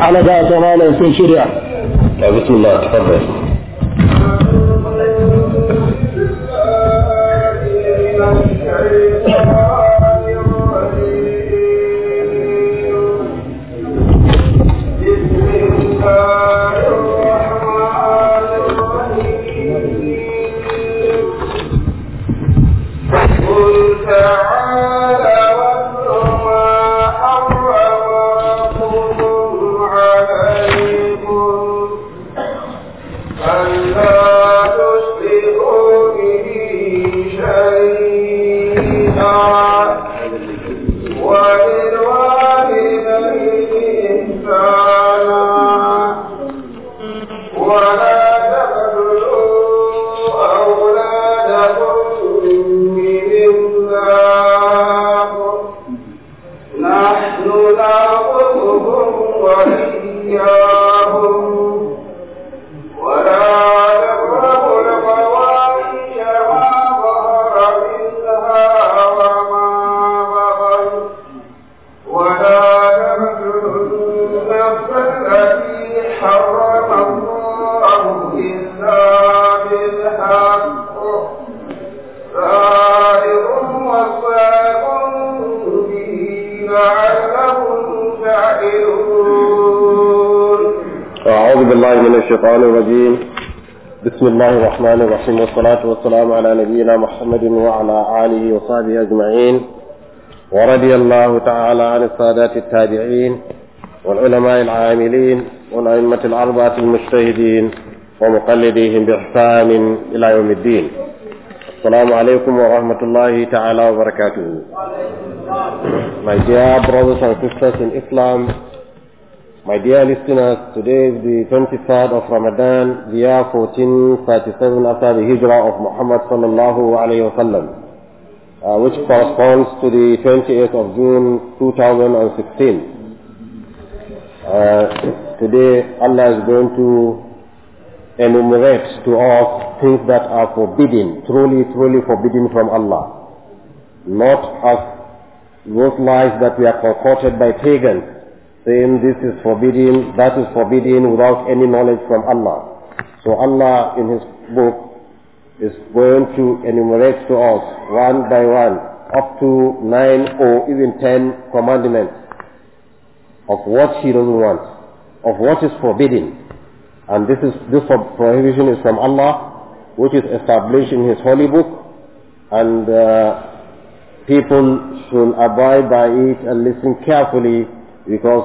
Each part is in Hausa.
على ذات ضلالة شريعة نعم، بسم الله تفضل الله تعالى عن السادات التابعين والعلماء العاملين والأئمة الأربعة المجتهدين ومقلديهم بإحسان إلى يوم الدين السلام عليكم ورحمة الله تعالى وبركاته My dear brothers and sisters in Islam My dear listeners, today is the 23rd of Ramadan, the year 1437 after the hijrah of Muhammad sallallahu alayhi wa sallam. uh, which corresponds to the 28th of June 2016. Uh, today Allah is going to enumerate to us things that are forbidden, truly, truly forbidden from Allah. Not as those lies that we are concocted by pagans, saying this is forbidden, that is forbidden without any knowledge from Allah. So Allah in His book is going to enumerate to us one by one up to nine or even ten commandments of what he doesn't want, of what is forbidden. And this is this prohibition is from Allah, which is established in His holy book, and uh, people should abide by it and listen carefully because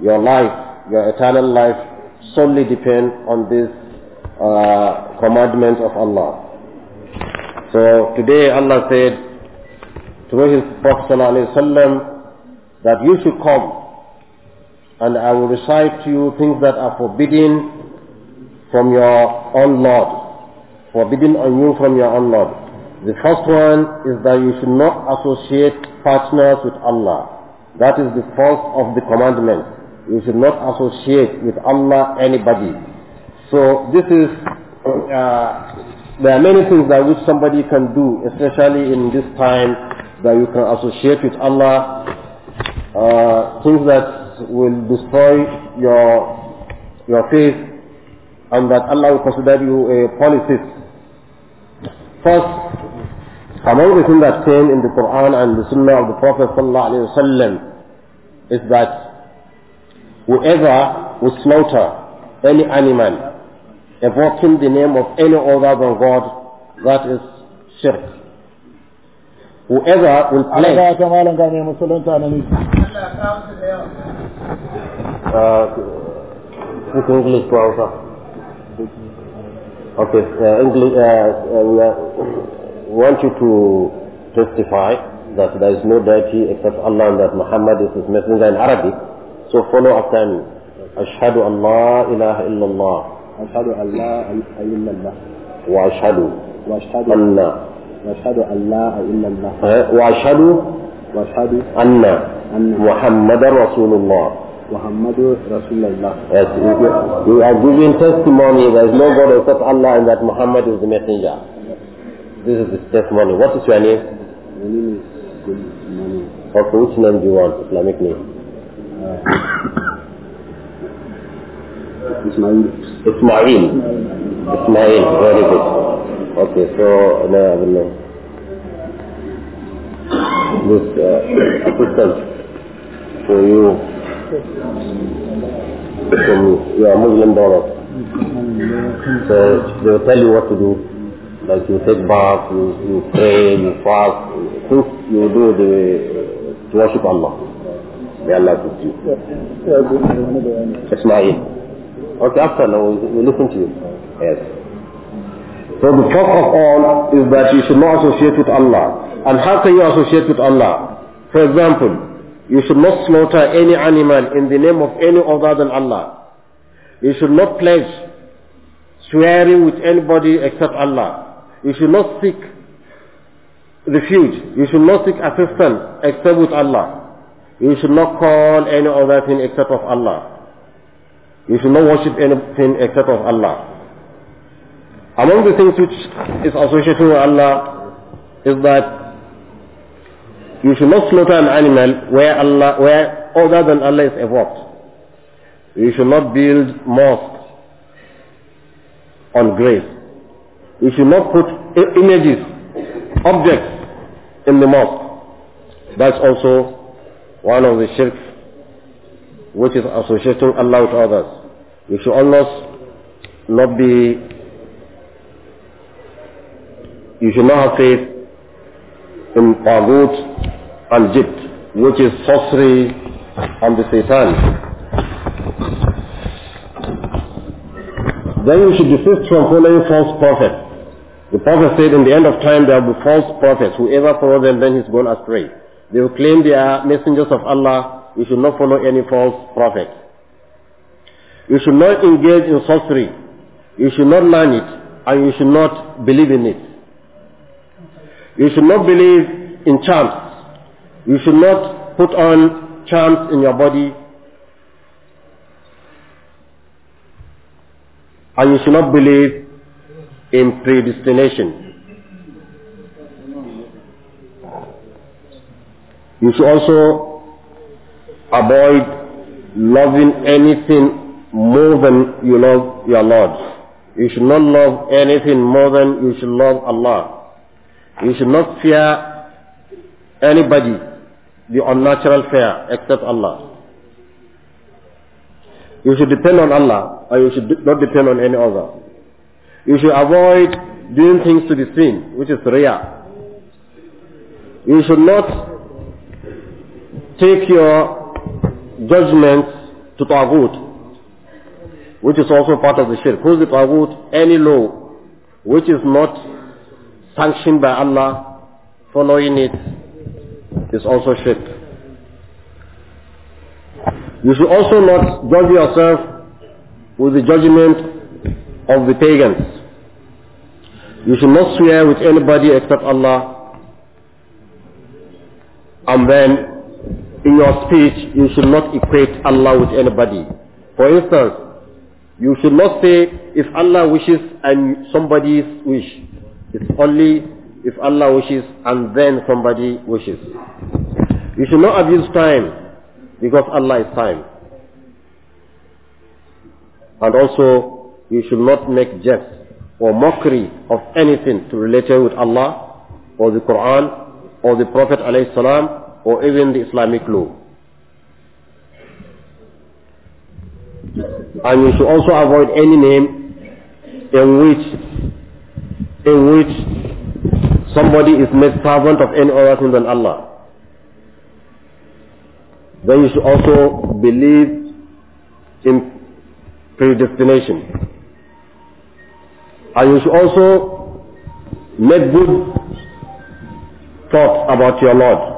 your life, your eternal life, solely depends on this uh, commandments of Allah. So today Allah said to his Prophet ﷺ that you should come and I will recite to you things that are forbidden from your own Lord. Forbidden on you from your own Lord. The first one is that you should not associate partners with Allah. That is the first of the commandments. You should not associate with Allah anybody. So this is, uh, there are many things that which somebody can do, especially in this time that you can associate with Allah, uh, things that will destroy your, your faith and that Allah will consider you a polytheist. First, among the things that came in the Quran and the Sunnah of the Prophet ﷺ is that whoever will slaughter any animal evoking the name of any other than God, that is shirk. Whoever will pledge... Uh, English Okay, uh, English, uh, uh we want you to testify that there is no deity except Allah and that Muhammad is his messenger in Arabic. So follow after me. Ashhadu أن لا إله أشهد أن لا إلا الله وأشهد وأشهد أن وأشهد أن لا إلا الله وأشهد وأشهد أن محمد رسول الله محمد رسول الله yes, we are giving testimony there is no God except Allah and that Muhammad is the messenger this is his testimony what is your name my name is Good okay which name do you want Islamic name uh, Ismail. Ismail. Ismail. Very good. Okay, so now I will know. This uh, system for you, from you are Muslim donor. So they will tell you what to do. Like you take bath, you, you pray, you fast, things you do the, to worship Allah. May Allah protect you. Ismail. Okay, after now we listen to you. Yes. So the first of all is that you should not associate with Allah. And how can you associate with Allah? For example, you should not slaughter any animal in the name of any other than Allah. You should not pledge swearing with anybody except Allah. You should not seek refuge. You should not seek assistance except with Allah. You should not call any other thing except of Allah. You should not worship anything except of Allah. Among the things which is associated with Allah is that you should not slaughter an animal where Allah, where other than Allah is evoked. You should not build mosques on graves. You should not put images, objects in the mosque. That's also one of the shirk which is associating Allah with others. We should almost not be, you should not have faith in Tagut and Jit, which is sorcery and the Satan. Then you should desist from following false prophets. The prophet said in the end of time there will be false prophets. Whoever follows them then he's gone astray. They will claim they are messengers of Allah you should not follow any false prophet. You should not engage in sorcery. You should not learn it and you should not believe in it. You should not believe in charms. You should not put on charms in your body. And you should not believe in predestination. You should also avoid loving anything more than you love your Lord. You should not love anything more than you should love Allah. You should not fear anybody, the unnatural fear, except Allah. You should depend on Allah, or you should not depend on any other. You should avoid doing things to the sin, which is riyah. You should not take your judgments to Tawgut, which is also part of the shirk. Who is the Tawgut? Any law which is not sanctioned by Allah, following it is also shirk. You should also not judge yourself with the judgment of the pagans. You should not swear with anybody except Allah. And then in your speech, you should not equate Allah with anybody. For instance, you should not say, if Allah wishes and somebody's wish. It's only if Allah wishes and then somebody wishes. You should not abuse time because Allah is time. And also, you should not make jest or mockery of anything related with Allah or the Quran or the Prophet alayhi salam or even the Islamic law. And you should also avoid any name in which, in which somebody is made servant of any other thing than Allah. Then you should also believe in predestination. And you should also make good thoughts about your Lord.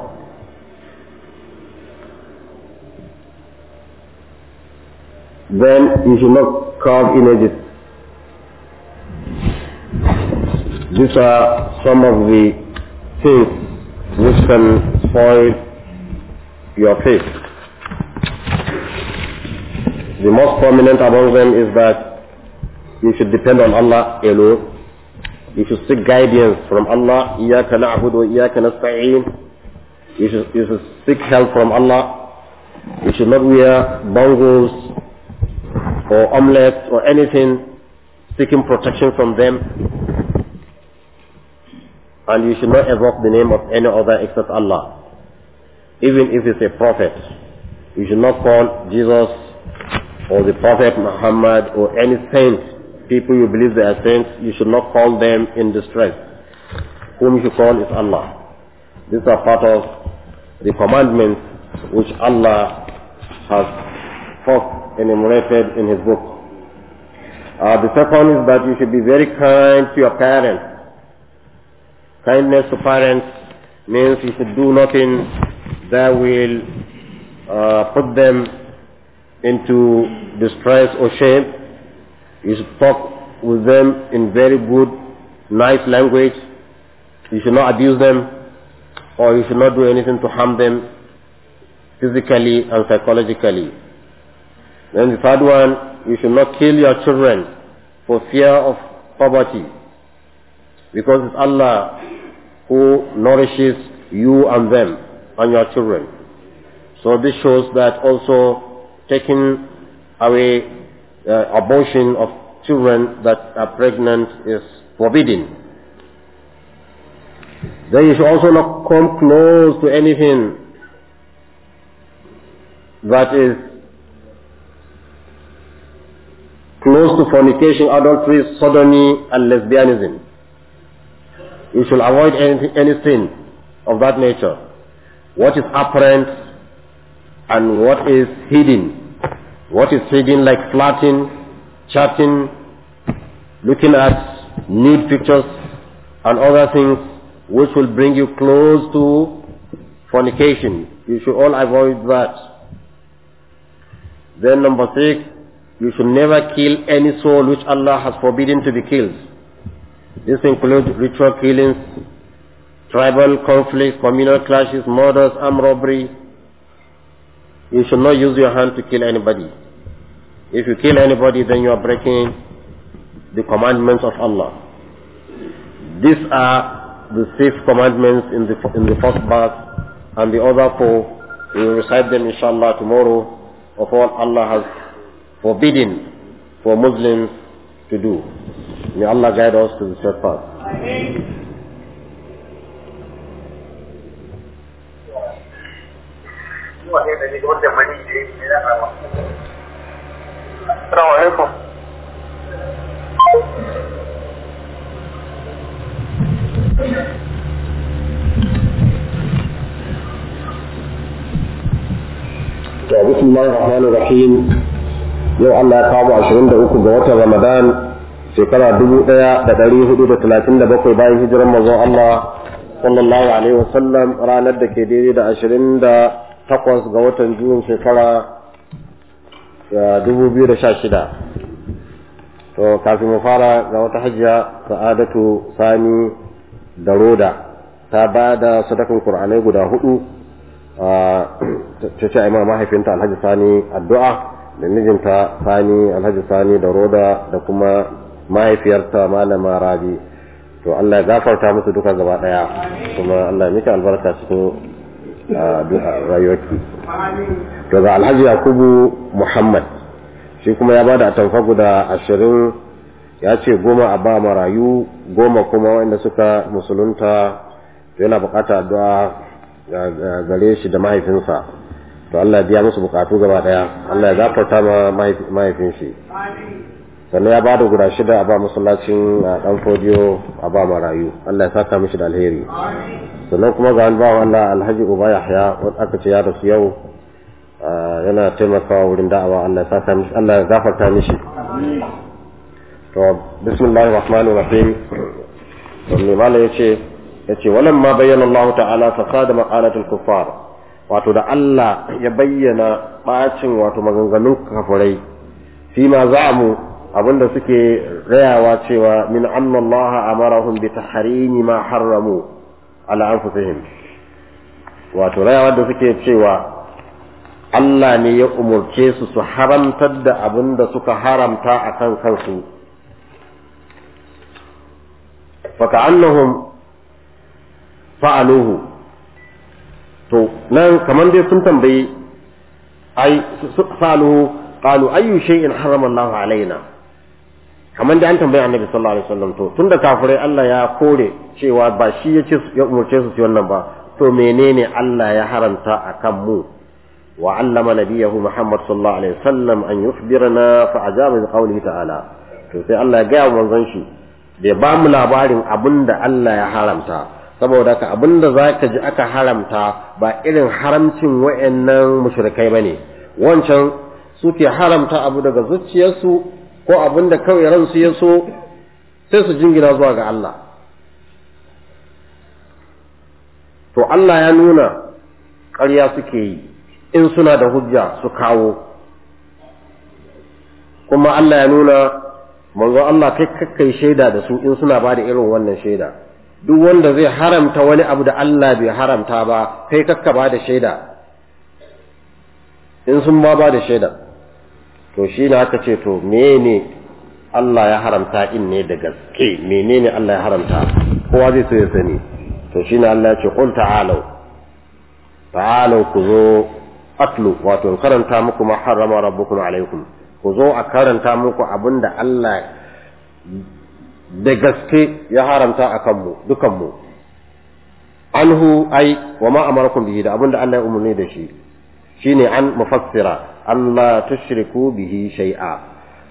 then you should not carve images. These are some of the things which can spoil your faith. The most prominent among them is that you should depend on Allah alone. You should seek guidance from Allah. you should, you should seek help from Allah. You should not wear bangles or omelets or anything seeking protection from them. And you should not evoke the name of any other except Allah. Even if it's a prophet. You should not call Jesus or the Prophet Muhammad or any saint. People you believe they are saints, you should not call them in distress. Whom you should call is Allah. These are part of the commandments which Allah has forced enumerated in his book. Uh, the second is that you should be very kind to your parents. Kindness to parents means you should do nothing that will uh, put them into distress or shame. You should talk with them in very good, nice language. You should not abuse them or you should not do anything to harm them physically and psychologically. Then the third one, you should not kill your children for fear of poverty. Because it's Allah who nourishes you and them and your children. So this shows that also taking away uh, abortion of children that are pregnant is forbidden. Then you should also not come close to anything that is close to fornication, adultery, sodomy, and lesbianism. You should avoid any, any sin of that nature. What is apparent and what is hidden. What is hidden like flirting, chatting, looking at nude pictures and other things which will bring you close to fornication. You should all avoid that. Then number six, you should never kill any soul which Allah has forbidden to be killed. This includes ritual killings, tribal conflicts, communal clashes, murders, armed robbery. You should not use your hand to kill anybody. If you kill anybody, then you are breaking the commandments of Allah. These are the six commandments in the, in the first verse, and the other four, we will recite them inshallah tomorrow of all Allah has forbidden for Muslims to do. May Allah guide us to the straight path. بسم الله الرحمن الرحيم yau Allah ya kawo 23 ga watan Ramadan shekara 1437 bayan hijiran mazan Allah sallallahu alaihi wasallam ranar da ke daidai da 28 ga watan Jun shekara 2016 to kafin mu fara ga wata hajiya sa'adatu sani da roda ta ba da sadakan kur'anai guda hudu ta ce a mahaifinta alhaji sani addu'a da mijinta sani alhaji sani da roda da kuma mahaifiyarta malama rabi to Allah ya gafarta musu duka gaba daya kuma Allah ya miki albarka cikin rayuwarki to ga alhaji yakubu muhammad shi kuma ya bada atamfa guda ashirin ya ce goma a ba marayu goma kuma wanda suka musulunta yana bukata addu'a gare shi da mahaifinsa to Allah biya musu bukatu gaba daya Allah ya zafarta ma mahaifin shi sannan ya ba da guda shida a ba masallacin a dan fodiyo a ba marayu Allah ya saka mishi da alheri sannan kuma ga ba Allah alhaji uba yahya wanda aka ce ya rasu yau yana taimakawa wurin da'awa Allah ya saka mishi Allah ya gafarta mishi to bismillahir rahmanir rahim to me mala yace yace walamma bayyana Allah ta'ala fa qadama qalatul kuffar wato da Allah ya bayyana ɓacin wato maganganun kafurai fi ma mu abinda suke rayawa cewa min anna Allah amarahum bi tahrimi ma harramu ala anfusihim wato rayawa da suke cewa Allah ne ya umurce su su haramtar da abin suka haramta a kan kansu annahum fa'aluhu to nan kaman dai sun tambayi ai salu qalu ayu shay'in harrama Allahu alaina kaman dai an tambayi annabi sallallahu alaihi wasallam to tunda kafirai Allah ya kore cewa ba shi ya ya umurce su su wannan ba to menene Allah ya haranta akan mu wa allama nabiyahu Muhammad sallallahu alaihi wasallam an yukhbirana fa ajaba bi qawlihi ta'ala to sai Allah ya ga manzon shi bai ba mu labarin abinda Allah ya haramta saboda ka abinda zaka ji aka haramta ba irin haramcin wayannan mushrikai ne, wancan suke haramta abu daga zuciyarsu ko abinda kawai ransu ya so sai su jingina zuwa ga Allah to Allah ya nuna ƙarya suke yi in suna da hujja su kawo kuma Allah ya nuna manzo Allah kai kakkai shaida da su in suna ba da irin wannan shaida duk wanda zai haramta wani abu da Allah bai haramta ba kai kakka ba da shaida in sun ba ba da shaida to shi ne aka ce to menene Allah ya haramta in ne da gaske menene Allah ya haramta kowa zai so ya sani to shi ne Allah ya ce qul ta'alu ta'alu ku zo atlu wato karanta muku ma harrama rabbukum alaikum ku zo a karanta muku abinda Allah da gaske ya haramta a kanmu dukanmu anhu ai wa ma amarakum bihi da abinda Allah ya umarni da shi shine an mufassira Allah tushriku bihi shay'a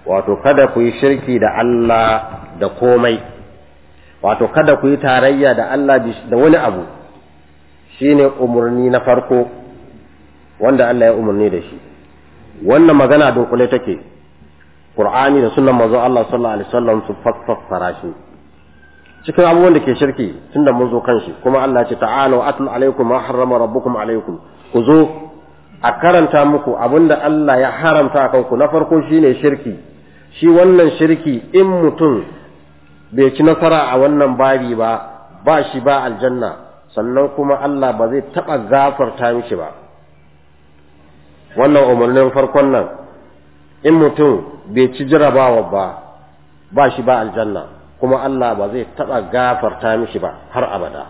wato kada ku yi shirki da Allah da komai wato kada ku yi tarayya da Allah da wani abu shine umarni na farko wanda Allah ya umarni da shi wannan magana dunkule take qur'ani da sunan manzon Allah sallallahu alaihi wasallam su fassara shi cikin abubuwan da ke shirki tunda mun zo kan shi kuma Allah ce ta'ala atlu alaikum ma harrama rabbukum alaikum ku zo a karanta muku abinda Allah ya haramta akan ku na farko shine shirki shi wannan shirki in mutum bai ci nasara a wannan babi ba ba shi ba aljanna sannan kuma Allah ba zai taɓa gafarta mishi ba wannan umarnin farkon nan in mutum bai ci jarabawa ba ba shi ba aljanna kuma Allah ba zai taɓa gafarta mishi ba har abada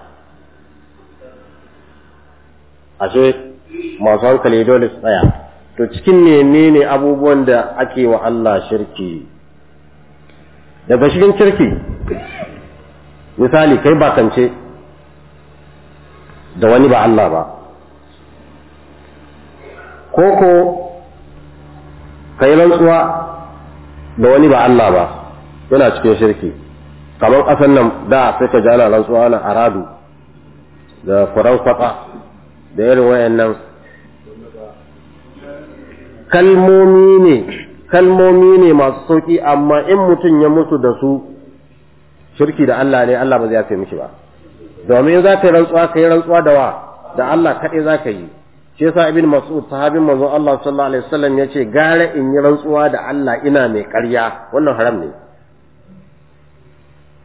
ashe masu hankali dole su tsaya to cikin menene abubuwan da ake wa Allah shirki daga cikin kirki misali kai bakance da wani ba Allah ba koko kai rantsuwa da wani ba Allah ba yana cikin shirki kamar ƙasar nan da sai ka jana rantsuwa na aradu da kuran kwata da irin wayannan kalmomi ne kalmomi ne masu sauki amma in mutum ya mutu da su shirki da Allah ne Allah ba zai yafe mishi ba domin za ka yi rantsuwa ka yi rantsuwa da wa da Allah kaɗai za ka yi shi yasa ibn mas'ud sahabin manzo Allah sallallahu alaihi wasallam yace gara in yi rantsuwa da Allah ina mai ƙarya wannan haram ne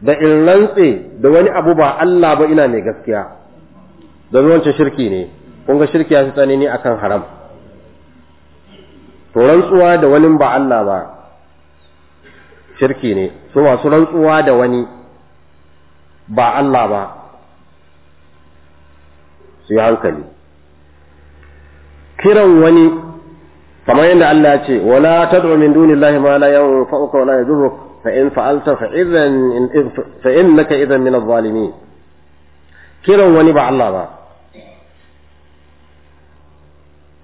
da in rantse da wani abu ba Allah ba ina mai gaskiya domin wancan shirki ne kun ga shirki ya fi tsanani akan haram to rantsuwa da wani ba Allah ba shirki ne su masu rantsuwa da wani ba Allah ba su yi hankali kiran wani kamar yadda Allah ya ce wala tad'u min dunillahi ma la yanfa'uka wa la fa in fa'alta fa idhan fa innaka idhan min adh-dhalimin kiran wani ba Allah ba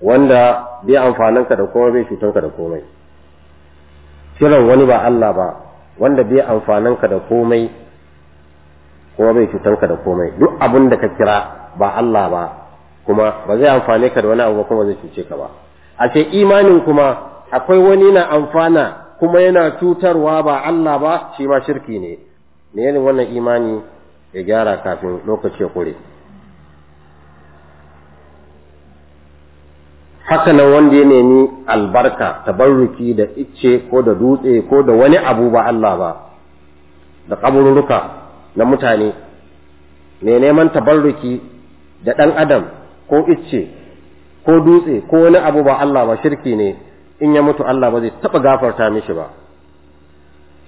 wanda bai amfaninka da komai bai cutanka da komai kiran wani ba Allah ba wanda bai amfaninka da komai kuma bai cutanka da komai duk abin da ka kira ba Allah ba kuma ba zai amfane ka da wani abu ba kuma zai cuce ka ba a ce imanin kuma akwai wani na amfana kuma yana cutarwa ba Allah ba shi ma shirki ne ne wannan imani ya gyara kafin lokaci ya kure haka nan wanda ya nemi albarka tabarruki da icce ko da dutse ko da wani abu ba Allah ba da kaburruka na mutane mai neman tabarruki da ɗan adam ko icce ko dutse ko wani abu ba Allah ba shirki ne in ya mutu Allah ba zai taɓa gafarta mishi ba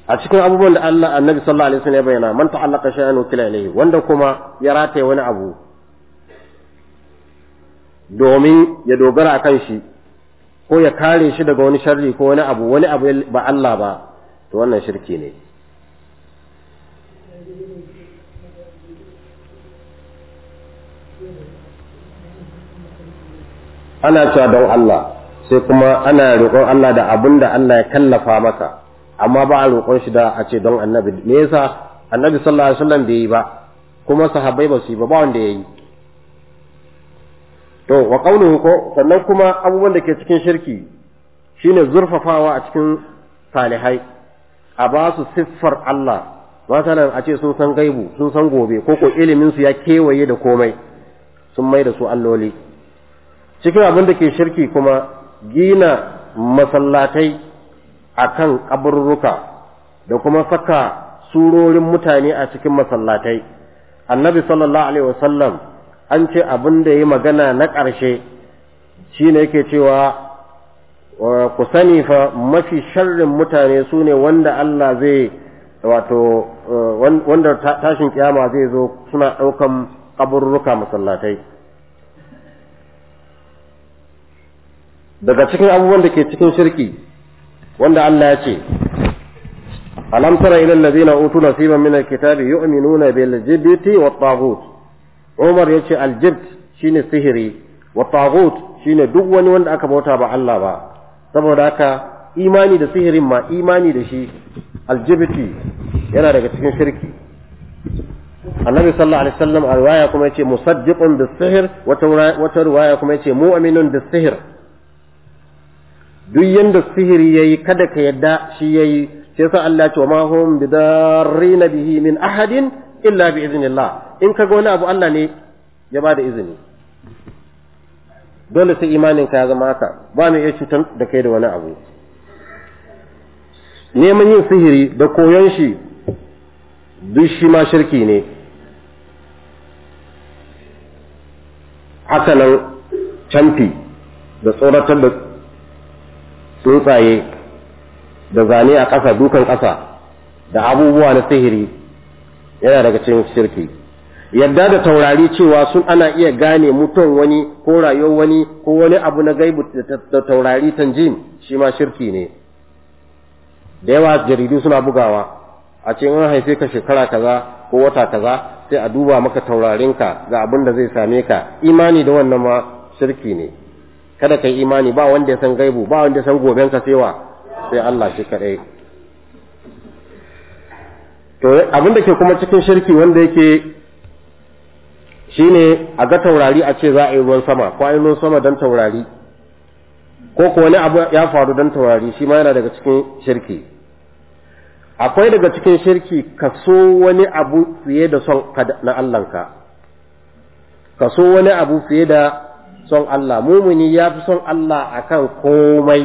a cikin abubuwan da Allah annabi sallallahu alaihi wasallam ya bayyana man ta'allaqa shay'an ukila ilayhi wanda kuma ya rataye wani abu domin ya dogara kan shi ko ya kare shi daga wani sharri ko wani abu wani abu ba Allah ba to wannan shirki ne ana cewa don Allah sai kuma ana roƙon Allah da abin da Allah ya kallafa maka amma ba a roƙon shi da a ce don annabi me yasa annabi sallallahu alaihi wasallam bai yi ba kuma sahabbai ba su yi ba ba wanda yi. to wa qawluhu ko sannan kuma abubuwan da ke cikin shirki shine zurfafawa a cikin salihai a ba su siffar Allah matanan a ce sun san gaibu sun san gobe ko ko ilimin su ya kewaye da komai sun mai da su alloli cikin abin da ke shirki kuma gina masallatai a kan kaburruka da kuma saka surorin mutane a cikin masallatai annabi sallallahu alaihi wasallam an ce abin da yi magana na ƙarshe shi ne yake cewa ku sani fa mafi sharrin mutane su ne wanda Allah zai wato eh, wanda tashin kiyama zai zo suna ɗaukan kaburruka masallatai daga cikin abubuwan da ke cikin shirki wanda Allah ya ce alam tara ila allazina utu nasiban min alkitabi yu'minuna bil jibti wat taghut Umar yace al jibt shine sihiri wat taghut shine duk wani wanda aka bauta ba Allah ba saboda haka imani da sihirin ma imani da shi al jibti yana daga cikin shirki annabi sallallahu alaihi wasallam a riwaya kuma yace musaddiqun bis sihr wata riwaya kuma yace mu'minun bis sihr duk yanda sihiri yayi kada ka yadda shi yayi sai sa Allah ce ma hum bidarrina bihi min ahadin illa bi iznillah in kaga wani abu Allah ne ya ba da izini dole sai imanin ka ya zama haka ba mai iya cutar da kai da wani abu neman yin sihiri da koyon shi duk shi ma shirki ne haka nan canfi da tsoratar da tsuntsaye da zane a ƙasa dukan ƙasa da abubuwa na sihiri yana daga cikin shirki yadda da taurari cewa sun ana iya gane mutum wani ko rayuwar wani ko wani abu na gaibu da taurari tanjin shi ma shirki ne da yawa jaridu suna bugawa a cikin an haife ka shekara kaza ko wata kaza sai a duba maka taurarinka ga abin da zai same ka imani da wannan ma shirki ne kada ka yi imani ba wanda ya san gaibu ba wanda ya san goben ka sewa sai Allah shi kadai to abin da ke kuma cikin shirki wanda yake shine a ga taurari a ce za a yi ruwan sama ko a ruwan sama don taurari ko ko wani abu ya faru don taurari shi ma yana daga cikin shirki akwai daga cikin shirki ka wani abu fiye da son na Allahnka ka so wani abu fiye da son Allah mumuni ya fi son Allah akan komai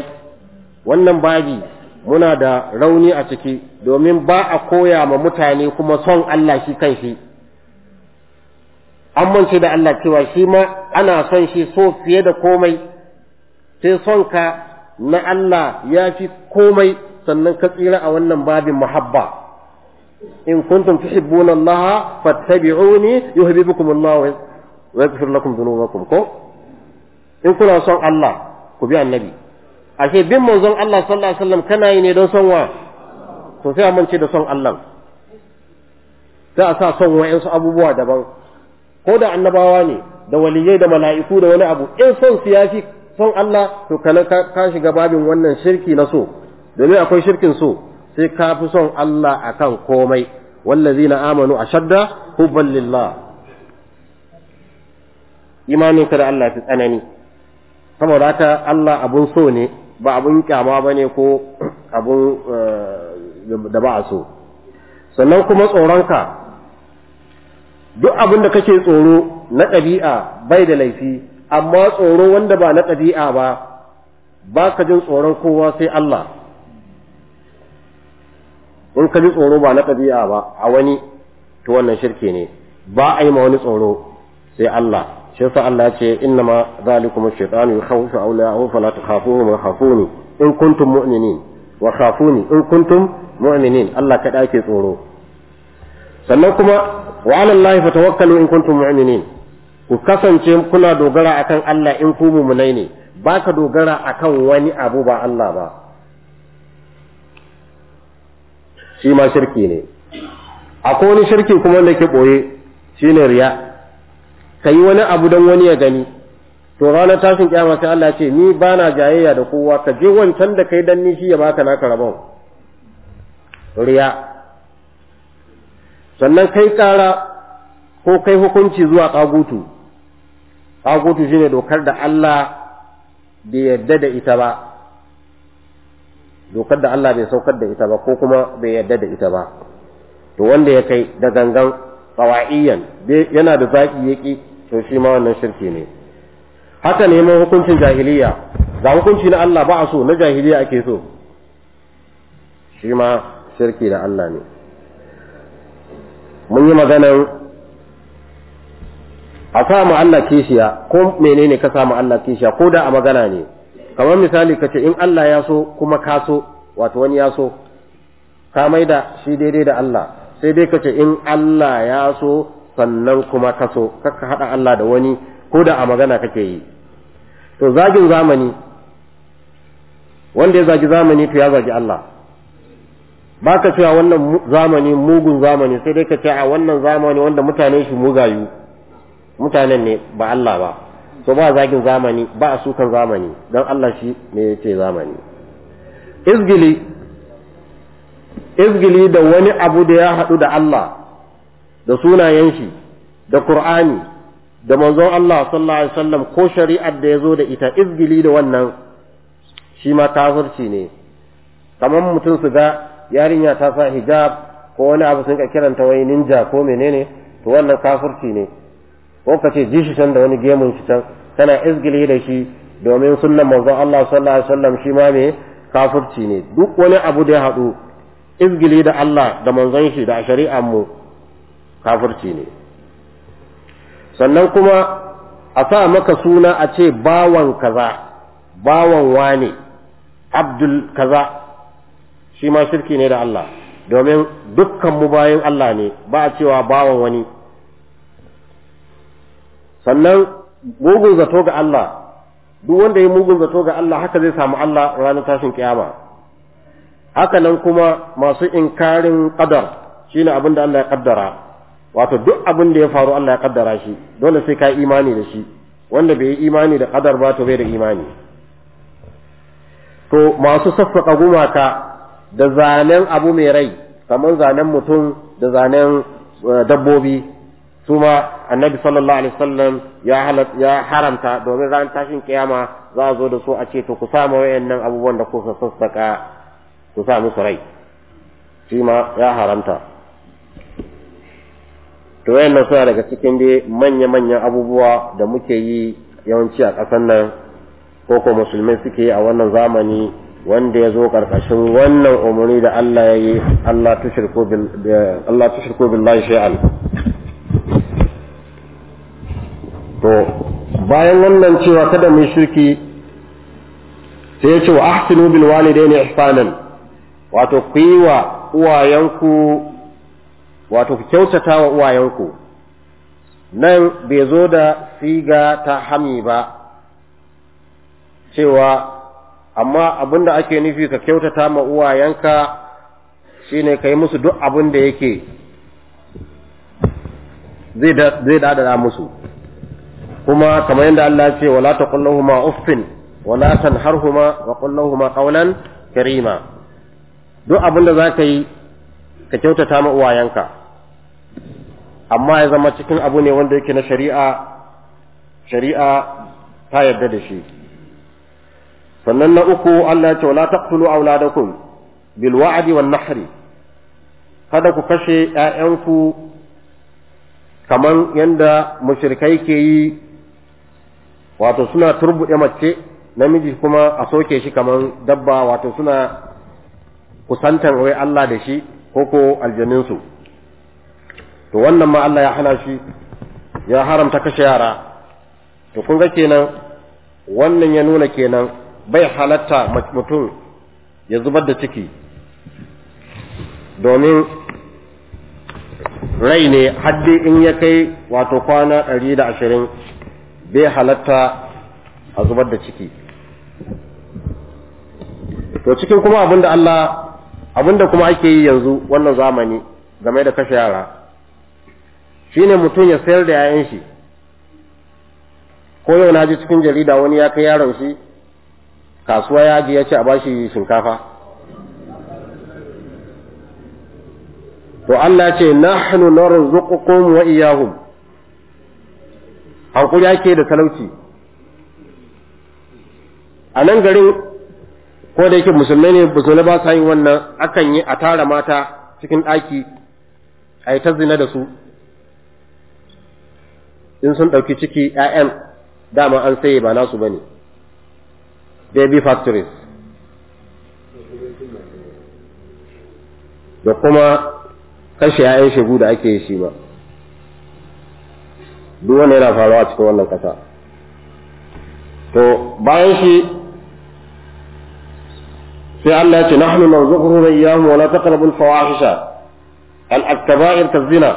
wannan babi muna da rauni a ciki domin ba a koya ma mutane kuma son Allah shi kan shi an mance da Allah cewa shi ma ana son shi so fiye da komai sai son ka na Allah ya fi komai sannan ka tsira a wannan babin muhabba in kuntum tuhibbuna Allah fattabi'uni yuhibbukum Allah wa yaghfir lakum dhunubakum ko in kuna son Allah ku bi annabi ashe bin manzon Allah sallallahu alaihi wasallam kana yi ne don son wa to sai amince da son Allah sai a sa son su abubuwa daban ko da annabawa ne da waliyyai da mala'iku da wani abu in son su ya son Allah to kana ka shiga babin wannan shirki na so domin akwai shirkin so sai ka fi son Allah akan komai wallazina amanu ashadda hubban lillah imaninka da Allah fi tsanani saboda haka Allah abun so ne ba abun kyama ba ne ko abun eh, da ba a so sannan kuma tsoronka duk abin da kake tsoro na ɗabi'a bai da laifi amma tsoro wanda ba na ɗabi'a ba ba ka jin tsoron kowa sai Allah in ka ji tsoro ba na ɗabi'a ba a wani to wannan shirke ne ba a yi ma wani tsoro sai Allah shi yasa Allah ce inna ma zalikum ash-shaytanu yukhawwifu awliyaa'ahu fala takhafuhu wa khafuni in kuntum mu'minin wa khafuni in kuntum mu'minin Allah kada ake tsoro sannan kuma wa 'ala Allah fatawakkalu in kuntum mu'minin ku kasance kuna dogara akan Allah in ku mu'minai ne baka dogara akan wani abu ba Allah ba shi ma shirki ne akwai wani shirki kuma da ke boye shine riya ka yi wani abu don wani ya gani to ranar tashin kyama sai Allah ce ni ba na jayayya da kowa ka je wancan da kai dan ni shi ya baka naka rabon riya sannan kai kara ko kai hukunci zuwa kagutu kagutu shine dokar da Allah bai yarda da ita ba dokar da Allah bai saukar da ita ba ko kuma bai yarda da ita ba to wanda ya kai da gangan tsawaiyan yana da zaki yaki to shi ma wannan shirki ne haka neman hukuncin jahiliya ga hukunci na Allah ba a so na jahiliya ake so shi ma shirki da Allah ne mun yi maganar a samu Allah kishiya ko menene ka samu Allah kishiya ko da a magana ne kamar misali ka ce in Allah ya so kuma ka so wato wani ya so ka maida shi daidai da Allah sai dai kace in Allah ya so sannan kuma ka so kaka haɗa Allah da wani ko da a magana kake yi to zagin zamani wanda ya zagi zamani to ya zagi Allah ba ka cewa wannan zamani mugun zamani sai dai ka ce a wannan zamani wanda mutane shi mugayu mutanen ne ba Allah ba to ba zagin zamani ba a sukan zamani don Allah shi ne ya ce zamani izgili izgili da wani abu da ya haɗu da Allah da sunayen shi da Qur'ani da manzon Allah sallallahu alaihi wasallam ko shari'ar da ya zo da ita izgili da wannan shi ma kafirci ne kamar mutum su ga yarinya ta sa hijab ko wani abu sun ka kiranta wai ninja ko menene to wannan kafirci ne ko ka ce ji shi can da wani gemun shi can tana izgili da shi domin sunnan manzon Allah sallallahu alaihi wasallam shi ma me kafirci ne duk wani abu da ya haɗu izgili da Allah da manzon shi da shari'ar mu kafirci ne sannan kuma a sa maka suna a ce bawan kaza bawan wane abdul kaza shi ma shirki ne da Allah domin dukkan mu bayan Allah ne ba a cewa bawan wani sannan mugun zato ga Allah duk wanda ya mugun zato ga Allah haka zai samu Allah ranar tashin kiyama haka nan kuma masu inkarin qadar shine abin da Allah ya kaddara wato duk abin da ya faru Allah ya kaddara shi dole sai ka imani da shi wanda bai yi imani da kadar ba to bai da imani to masu sassaka gumaka da zanen abu mai rai kamar zanen mutum da zanen eh, dabbobi su ma annabi sallallahu alaihi wasallam ya haramta domin ran tashin kiyama za a zo da su a ce to ku sama wayannan abubuwan da kuka sassaka su sa musu rai shi ma ya haramta to wayannan suna daga cikin dai manya-manyan abubuwa da muke yi yawanci a ƙasar nan ko ko musulmai suke yi a wannan zamani wanda ya zo ƙarƙashin wannan umarni da Allah ya yi Allah tushirko billahi shay'an to bayan wannan cewa kada mai shirki sai ya ce wa ahsinu bil walidaini ihsanan wato ku yi wa uwayenku wato ku kyautata wa uwayenku nan bai zo da siga ta hami ba cewa amma abin da ake nufi ka kyautata ma uwayenka shine ka yi musu duk abin da yake zai dadada musu kuma kamar yadda Allah ce wala ma uffin wala tanharhuma wa kullum ma qawlan karima duk abin da za ka yi ka kyautata ma uwayenka amma ya zama cikin abu ne wanda yake na shari'a shari'a ta yarda da shi sannan na uku Allah ya ce wala taqtulu awladakum bil wa'di wan nahri kada ku kashe ƴaƴanku kaman yanda mushrikai ke yi wato suna turbuɗe mace namiji kuma a soke shi kaman dabba wato suna kusantan wai Allah da shi ko ko aljaninsu to wannan ma Allah ya hana shi ya haramta kashe yara to kun ga kenan wannan ya nuna kenan bai halatta mutum ya zubar da ciki domin rai ne haddi in ya kai wato kwana ɗari da ashirin bai halatta a zubar da ciki to cikin kuma abin da Allah da kuma ake yi yanzu wannan zamani game da kashe yara shine mutum ya sayar da 'ya'yan shi ko yau na ji cikin jarida wani ya kai yaron shi kasuwa ya ji ya ce a bashi shinkafa to Allah ce nahnu narzuqukum wa iyyahum hankuri ake da talauci a nan garin ko da yake musulmai ne musulmai ba sa yin wannan akan yi a tara mata cikin ɗaki a ta zina da su in sun ɗauki ciki 'ya'yan dama an saye ba nasu ba ne baby factories da kuma kashe 'ya'yan shegu da ake yi shi ba duk wanda yana faruwa cikin wannan ƙasa to bayan shi sai Allah ya ce nahnu narzuqukum iyyahum wa la taqrabul fawahisha al aktaba'ir kazina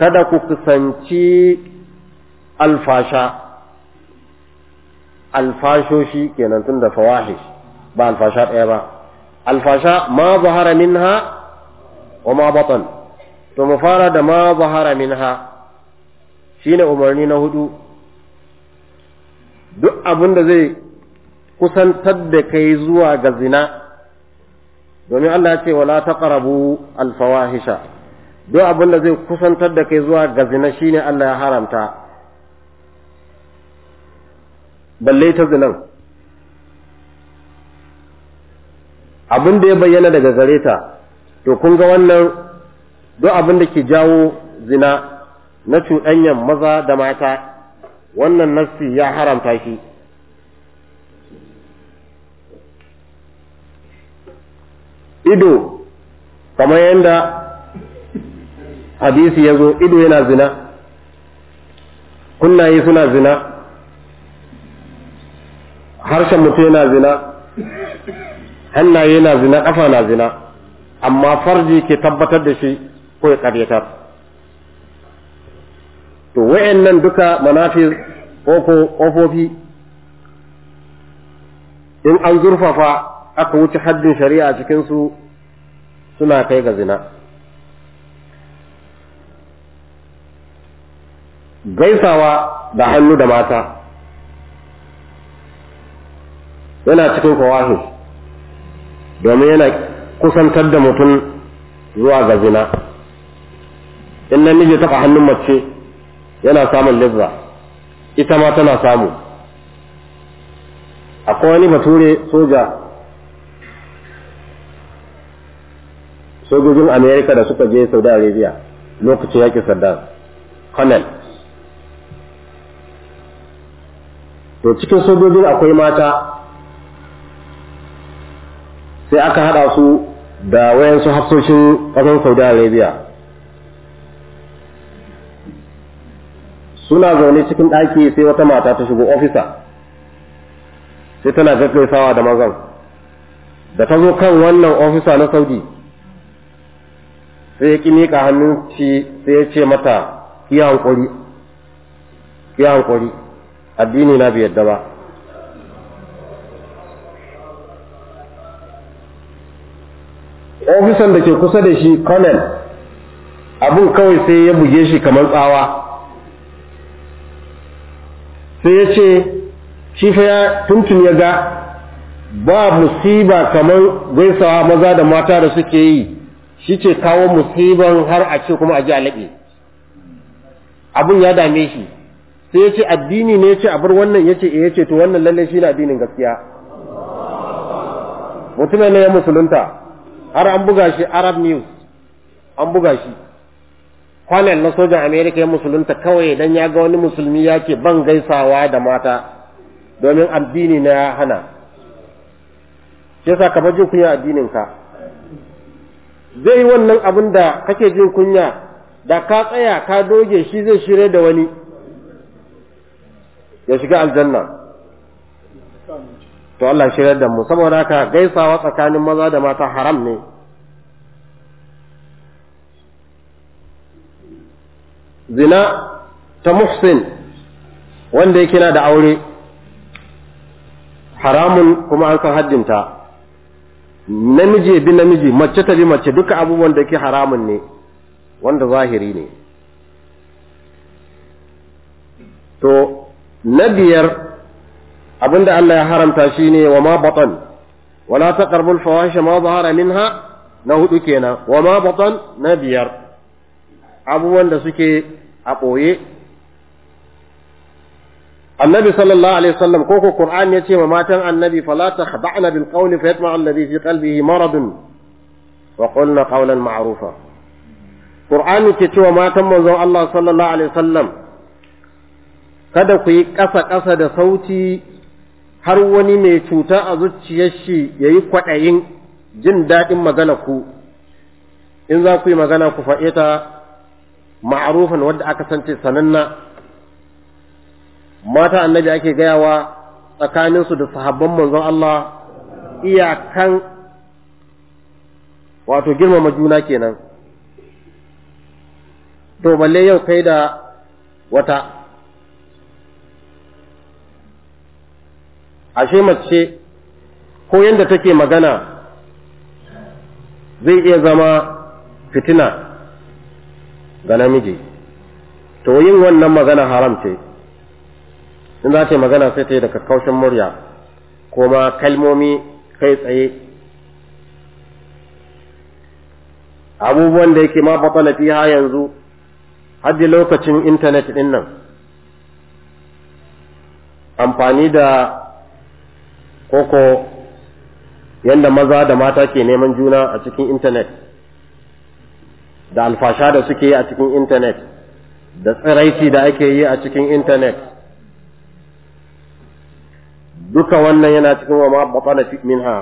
kada ku kusanci alfasha alfashoshi kenan tun da fawahish ba alfasha ɗaya ba alfasha ma zahara minha wa ma batan to mu fara da ma zahara minha shine umarni na hudu duk abin da zai kusantar da kai zuwa ga zina domin Allah ya ce wala taqrabu alfawahisha duk abin da zai kusantar da kai zuwa ga zina shine Allah ya haramta balle ta zinan abin da ya bayyana daga gare ta to kun ga wannan duk abin da ke jawo zina na cuɗanyan maza da mata wannan nassi ya haramta shi ido kamar yadda hadisi ya zo ido yana zina kunnaye suna zina harshen mutum yana zina hannaye na zina ƙafa na zina amma farji ke tabbatar da shi ko ya ƙaryatar to nan duka ko ƙofofi in an zurfafa aka wuce haddin shari'a cikinsu suna kai ga zina gaisawa da hannu da mata yana cikin kawahi domin yana kusantar da mutum zuwa ga zina in namiji taɓa hannun mace yana samun lizza ita ma tana samu akwai wani bature soja sojojin amerika da suka je saudi arabia lokacin yakin saddam colonel to cikin sojojin akwai mata sai aka hada su da wayansu hafsoshin ƙasar saudi arabia suna zaune cikin ɗaki sai wata mata ta shigo ofisa sai tana gaggaisawa da mazan da ta zo kan wannan ofisa na saudi sai ya ki miƙa hannun shi sai ya ce mata ki hankuri addini na bai yadda ba ofisan da ke kusa da shi colonel abin kawai sai ya buge shi kamar tsawa sai ya ce shi fa ya tuntun ya ga ba musiba kamar gaisawa maza da mata da suke yi shi ce kawo musiban har a ce kuma a ji a laɓe abun ya dame shi sai ya ce addini ne ya ce a bar wannan ya ce eh, ya ce to wannan lallai shi ne addinin gaskiya mutumin ne ya musulunta har an buga shi arab news an buga shi kwanan na sojan amerika ya musulunta kawai dan ya ga wani musulmi ya ke ban gaisawa da mata domin addini na ya hana shi yasa ka baje kunya addinin ka zai yi wannan abin da kake jin kunya da ka tsaya ka doge shi zai shirya da wani ya shiga aljanna to Allah shirya da mu saboda haka gaisawa tsakanin maza da mata haram ne zina ta muhsin wanda yake na da aure haramun kuma an san haddinta namiji bi namiji mace ta bi mace duka abubuwan da ke haramun ne wanda zahiri ne to na biyar abinda Allah ya haramta shi ne wa ma batan wala taqrabu al-fawahisha ma zahara minha na hudu kenan wa ma batan na biyar abubuwan da suke a ɓoye annabi sallallahu alaihi wasallam ko ko qur'an ya ce ma matan annabi fala takhda'na bil qawli fayatma'a alladhi fi qalbihi maradun wa qulna qawlan ma'rufa qur'ani ke cewa matan manzon Allah sallallahu alaihi wasallam kada ku yi ƙasa ƙasa da sauti har wani mai cuta a zuciyar shi yayi kwaɗayin jin daɗin magana ku in za ku yi magana ku faɗe ta ma'arufan wadda aka sance sananna mata annabi ake gayawa tsakaninsu da sahabban manzon Allah iyakan wato girmama juna kenan to balle yau kai da wata ashe mace ko yadda take magana zai iya zama fitina ga namiji to yin wannan magana haram ce in za ta yi magana sai ta yi da kakkaushin murya kuma kalmomi kai tsaye abubuwan da yake ma batsala fiha yanzu haddi lokacin intanet din nan amfani da koko yadda maza da mata ke neman juna a cikin intanet da alfasha da suke yi a cikin intanet da tsiraici da ake yi a cikin intanet duka wannan yana cikin wa ma fi minha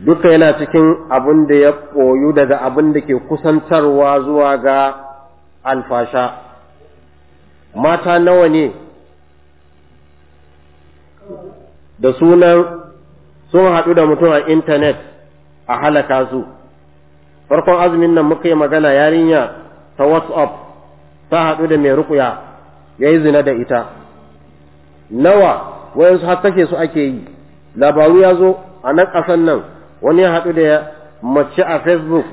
duka yana cikin abin da ya koyu daga abin da ke kusantarwa zuwa ga alfasha mata nawa ne da sunan sun haɗu da mutum a intanet a halaka su farkon azumin nan muka yi magana yarinya ta whatsapp ta haɗu da mai rukuya ya yi zina da ita nawa wayansu har kashe su ake yi labaru ya zo a nan ƙasan nan wani ya haɗu da mace a facebook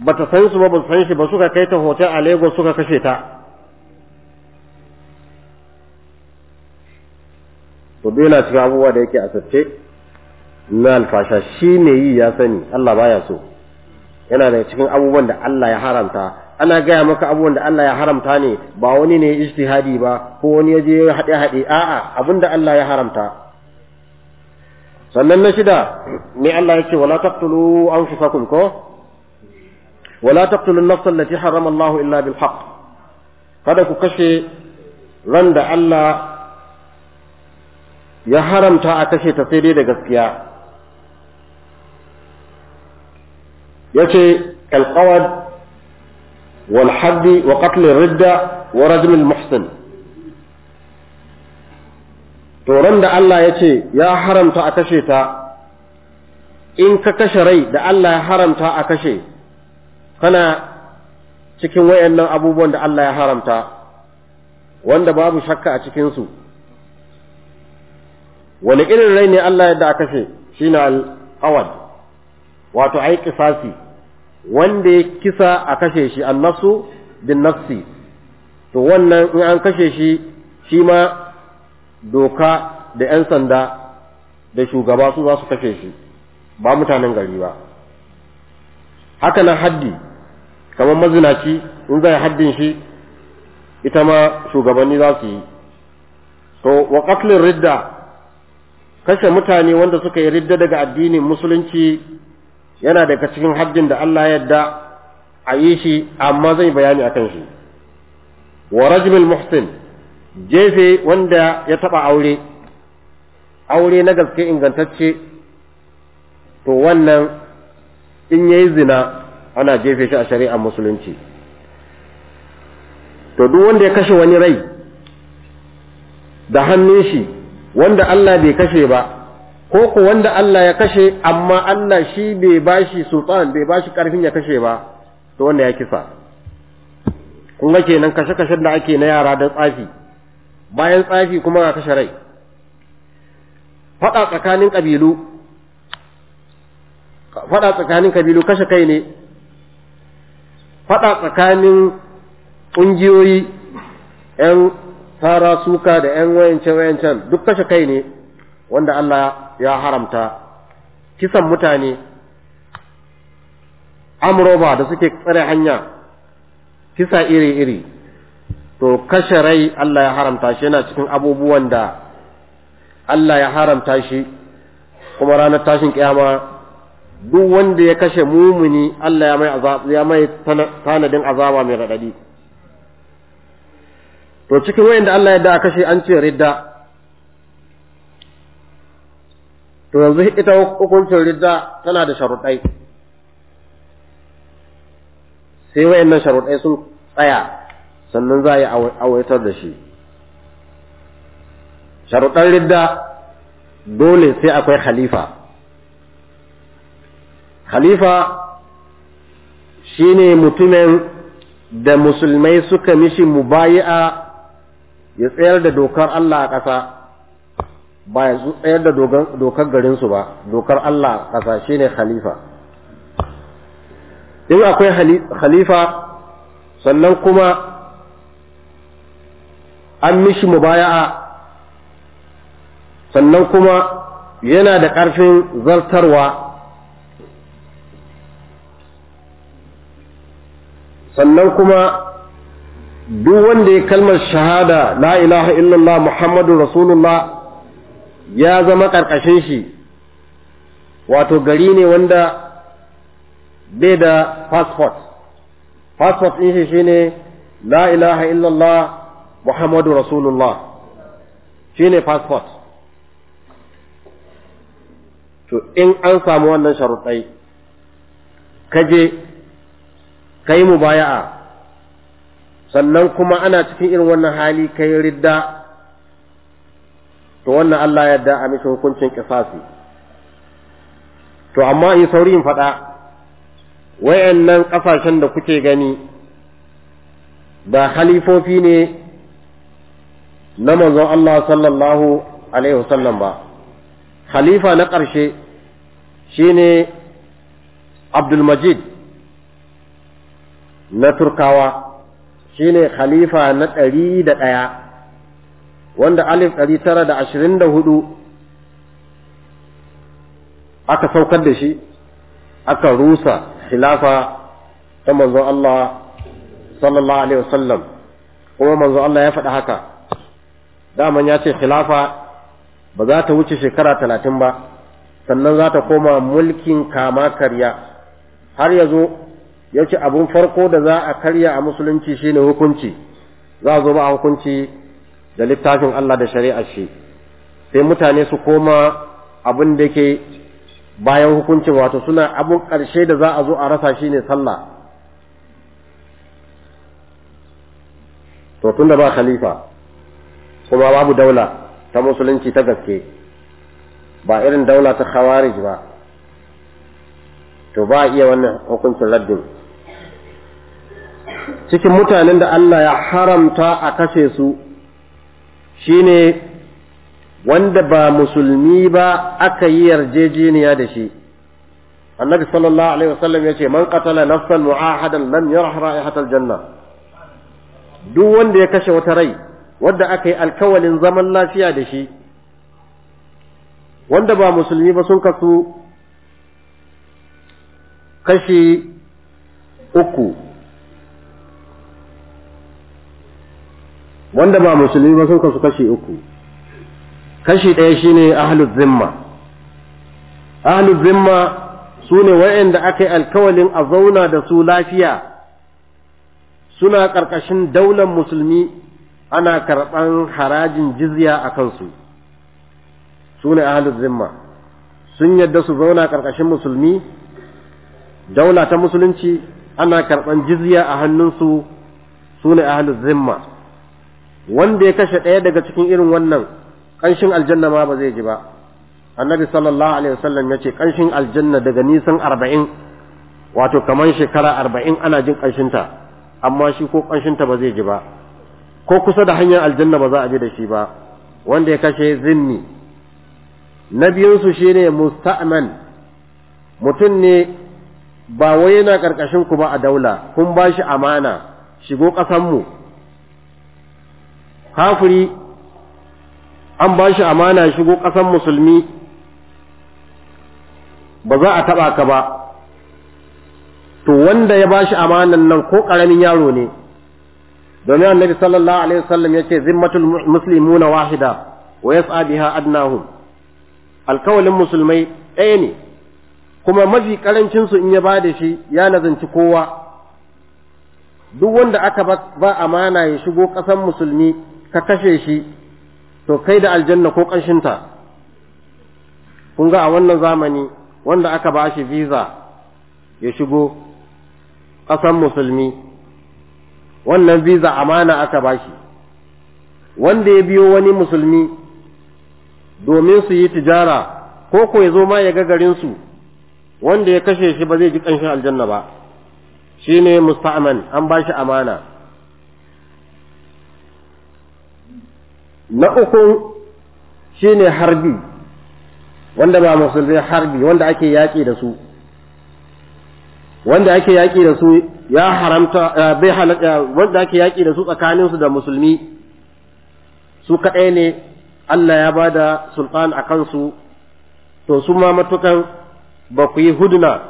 ba ta san su ba ba san shi ba suka kai ta hotel a lagos suka kashe ta to dole cikin abubuwa da yake sace na alfasha shi ne yi ya sani Allah baya so yana da cikin abubuwan da Allah ya haramta ana gaya maka abubuwan da Allah ya haramta ne ba wani ne ijtihadi ba ko wani ya je ya haɗe haɗe a'a abinda Allah ya haramta sannan na shida me Allah ya ce wala taqtulu anfusakum ko wala taqtulu an-nafs allati harrama Allah illa bil haqq kada ku kashe ran da Allah ya haramta a kashe ta sai dai da gaskiya yace kalqawad wal haddi wa qatl ridda wa rajul muhsin to da Allah ya ce ya haramta a kashe ta in ka kashe rai da Allah ya haramta a kashe kana cikin wayannan abubuwan da Allah ya haramta wanda babu shakka a cikinsu. su wani irin rai ne Allah yadda a kashe shine al-awad wato ai kisasi wanda ya kisa a kashe shi annasu bin nafsi to wannan in an kashe shi shi ma doka da 'yan sanda da shugaba su za su kashe shi ba mutanen gari ba haka nan haddi kamar mazinaci in zai haddin shi ita ma shugabanni za su yi to wa ƙaflin ridda kashe mutane wanda suka yi ridda daga addinin musulunci yana daga cikin haddin da Allah ya yadda a yi shi amma zai bayani akan shi wa rajmul muhsin jefe wanda ya taba aure aure na gaske ingantacce to wannan in yayi zina ana jefe shi a shari'ar musulunci to duk wanda ya kashe wani rai da hannun shi wanda Allah bai kashe ba ko ko wanda Allah ya kashe amma Allah shi bai bashi sultan bai bashi karfin ya kashe ba to wanda ya kisa kun ga kenan kashe kashe da ake na yara da tsafi bayan tsafi kuma ga kashe rai faɗa tsakanin kabilu fada tsakanin kabilu kashe kai ne faɗa tsakanin ƙungiyoyi 'yan tara suka da 'yan wayancan wayancan duk kashe kai ne wanda Allah ya haramta kisan mutane amroba da suke tsare hanya kisa iri-iri to kashe rai Allah ya haramta shi yana cikin abubuwan da Allah ya haramta shi kuma ranar tashin kiyama duk wanda ya kashe mumuni Allah ya mai ya mai tanadin azaba mai radadi to cikin wayanda Allah ya da kashe an ce ridda to yanzu ita hukuncin ridda tana da sharuɗai sai wayannan sharuɗai sun tsaya sannan za a yi awaitar da shi sharuɗan ridda dole sai akwai khalifa khalifa shine mutumin da musulmai suka mishi mubayi'a ya tsayar da dokar Allah a ƙasa ba ya tsayar da dokar garinsu ba dokar Allah ƙasa shi ne khalifa in akwai khalifa sannan kuma an mishi mubaya'a sannan kuma yana da ƙarfin zartarwa sannan kuma duk wanda ya kalmar shahada la ilaha illallah muhammadu rasulullah ya zama ƙarƙashin shi wato gari ne wanda bai da fasfot fasfot ɗin shi shine la ilaha illallah muhammadu rasulullah shine fasfot to in an samu wannan sharuɗai kaje kai mubaya'a sannan kuma ana cikin irin wannan hali kai ridda to wannan Allah ya yarda a miki hukuncin kisasi to amma in saurin faɗa wayannan ƙasashen da kuke gani ba halifofi ne na manzon Allah sallallahu alaihi wasallam ba khalifa na ƙarshe shine Abdul Majid na Turkawa shine khalifa na ɗari da ɗaya wanda alif ɗari tara da ashirin da hudu aka saukar da shi aka rusa khilafa ta manzon Allah sallallahu alaihi wasallam kuma manzon Allah ya faɗa haka daman ya ce khilafa ba za ta wuce shekara talatin ba sannan za ta koma mulkin kama karya har ya zo ya ce abun farko da za a karya a musulunci shine hukunci za a zo ba a hukunci da littafin Allah da shari'ar shi sai mutane su koma abin da ke bayan hukuncin wato suna abun ƙarshe da za a zo a rasa shi ne sallah to tunda ba khalifa kuma babu daula ta musulunci ta gaske ba irin daula ta khawarij ba to ba iya wannan hukuncin raddin cikin mutanen da Allah ya haramta a kashe su shine wanda ba musulmi ba aka yi yarjejeniya da shi annabi sallallahu alaihi wasallam yace man qatala nafsan mu'ahadan lam yarah ra'ihatal janna duk wanda ya kashe wata rai wadda aka yi alkawalin zaman lafiya da shi wanda ba musulmi ba sun kasu kashi uku wanda ba musulmi ba sun kasu kashi uku kashi ɗaya shine ahlul zimma ahlul zimma su ne wa'anda aka yi alkawalin a zauna da su lafiya suna ƙarƙashin daular musulmi ana karɓan harajin jizya a kansu su ne ahlul zimma sun yadda su zauna ƙarƙashin musulmi daula ta musulunci ana karɓan jizya a hannunsu su ne ahlul zimma wanda ya kashe ɗaya daga cikin irin wannan ƙanshin aljanna ma ba zai ji ba annabi sallallahu alaihi wasallam ya ce ƙanshin aljanna daga nisan arba'in wato kamar shekara arba'in ana jin ƙanshinta amma shi ko ƙanshinta ba zai ji ba ko kusa da hanyar aljanna ba za a ji da shi ba wanda ya kashe zinni na biyunsu shine musta'man mutum ne ba wai yana ƙarƙashin ku ba a daula kun ba shi amana shigo ƙasanmu mu kafiri an ba shi amana shigo ƙasan musulmi ba za a taɓa ka ba to wanda ya ba shi amanan nan ko ƙaramin yaro ne domin annabi sallallahu alaihi wasallam ya ce zimmatul muslimuna wahida wa yas'a biha adnahum alkawalin musulmai ɗaya ne kuma mafi karancin su in ya ba da shi ya nazanci kowa duk wanda aka ba amana ya shigo ƙasan musulmi ka kashe shi to kai da aljanna ko ƙanshinta kun ga a wannan zamani wanda aka ba shi visa ya shigo ƙasan musulmi wannan visa amana aka ba shi wanda ya biyo wani musulmi domin su yi tijara ko ko ya zo ma ya ga garinsu wanda ya kashe shi ba zai ji ƙanshin aljanna ba shi ne musta'aman an ba shi amana na uku shine harbi wanda ba musulmi harbi wanda ake yaƙi da su wanda ake yaƙi da su ya haramta bai halatta wanda ake yaƙi da su tsakanin da musulmi su kaɗai ne Allah ya ba da sultan a kansu to su ma matukan ba ku yi huduna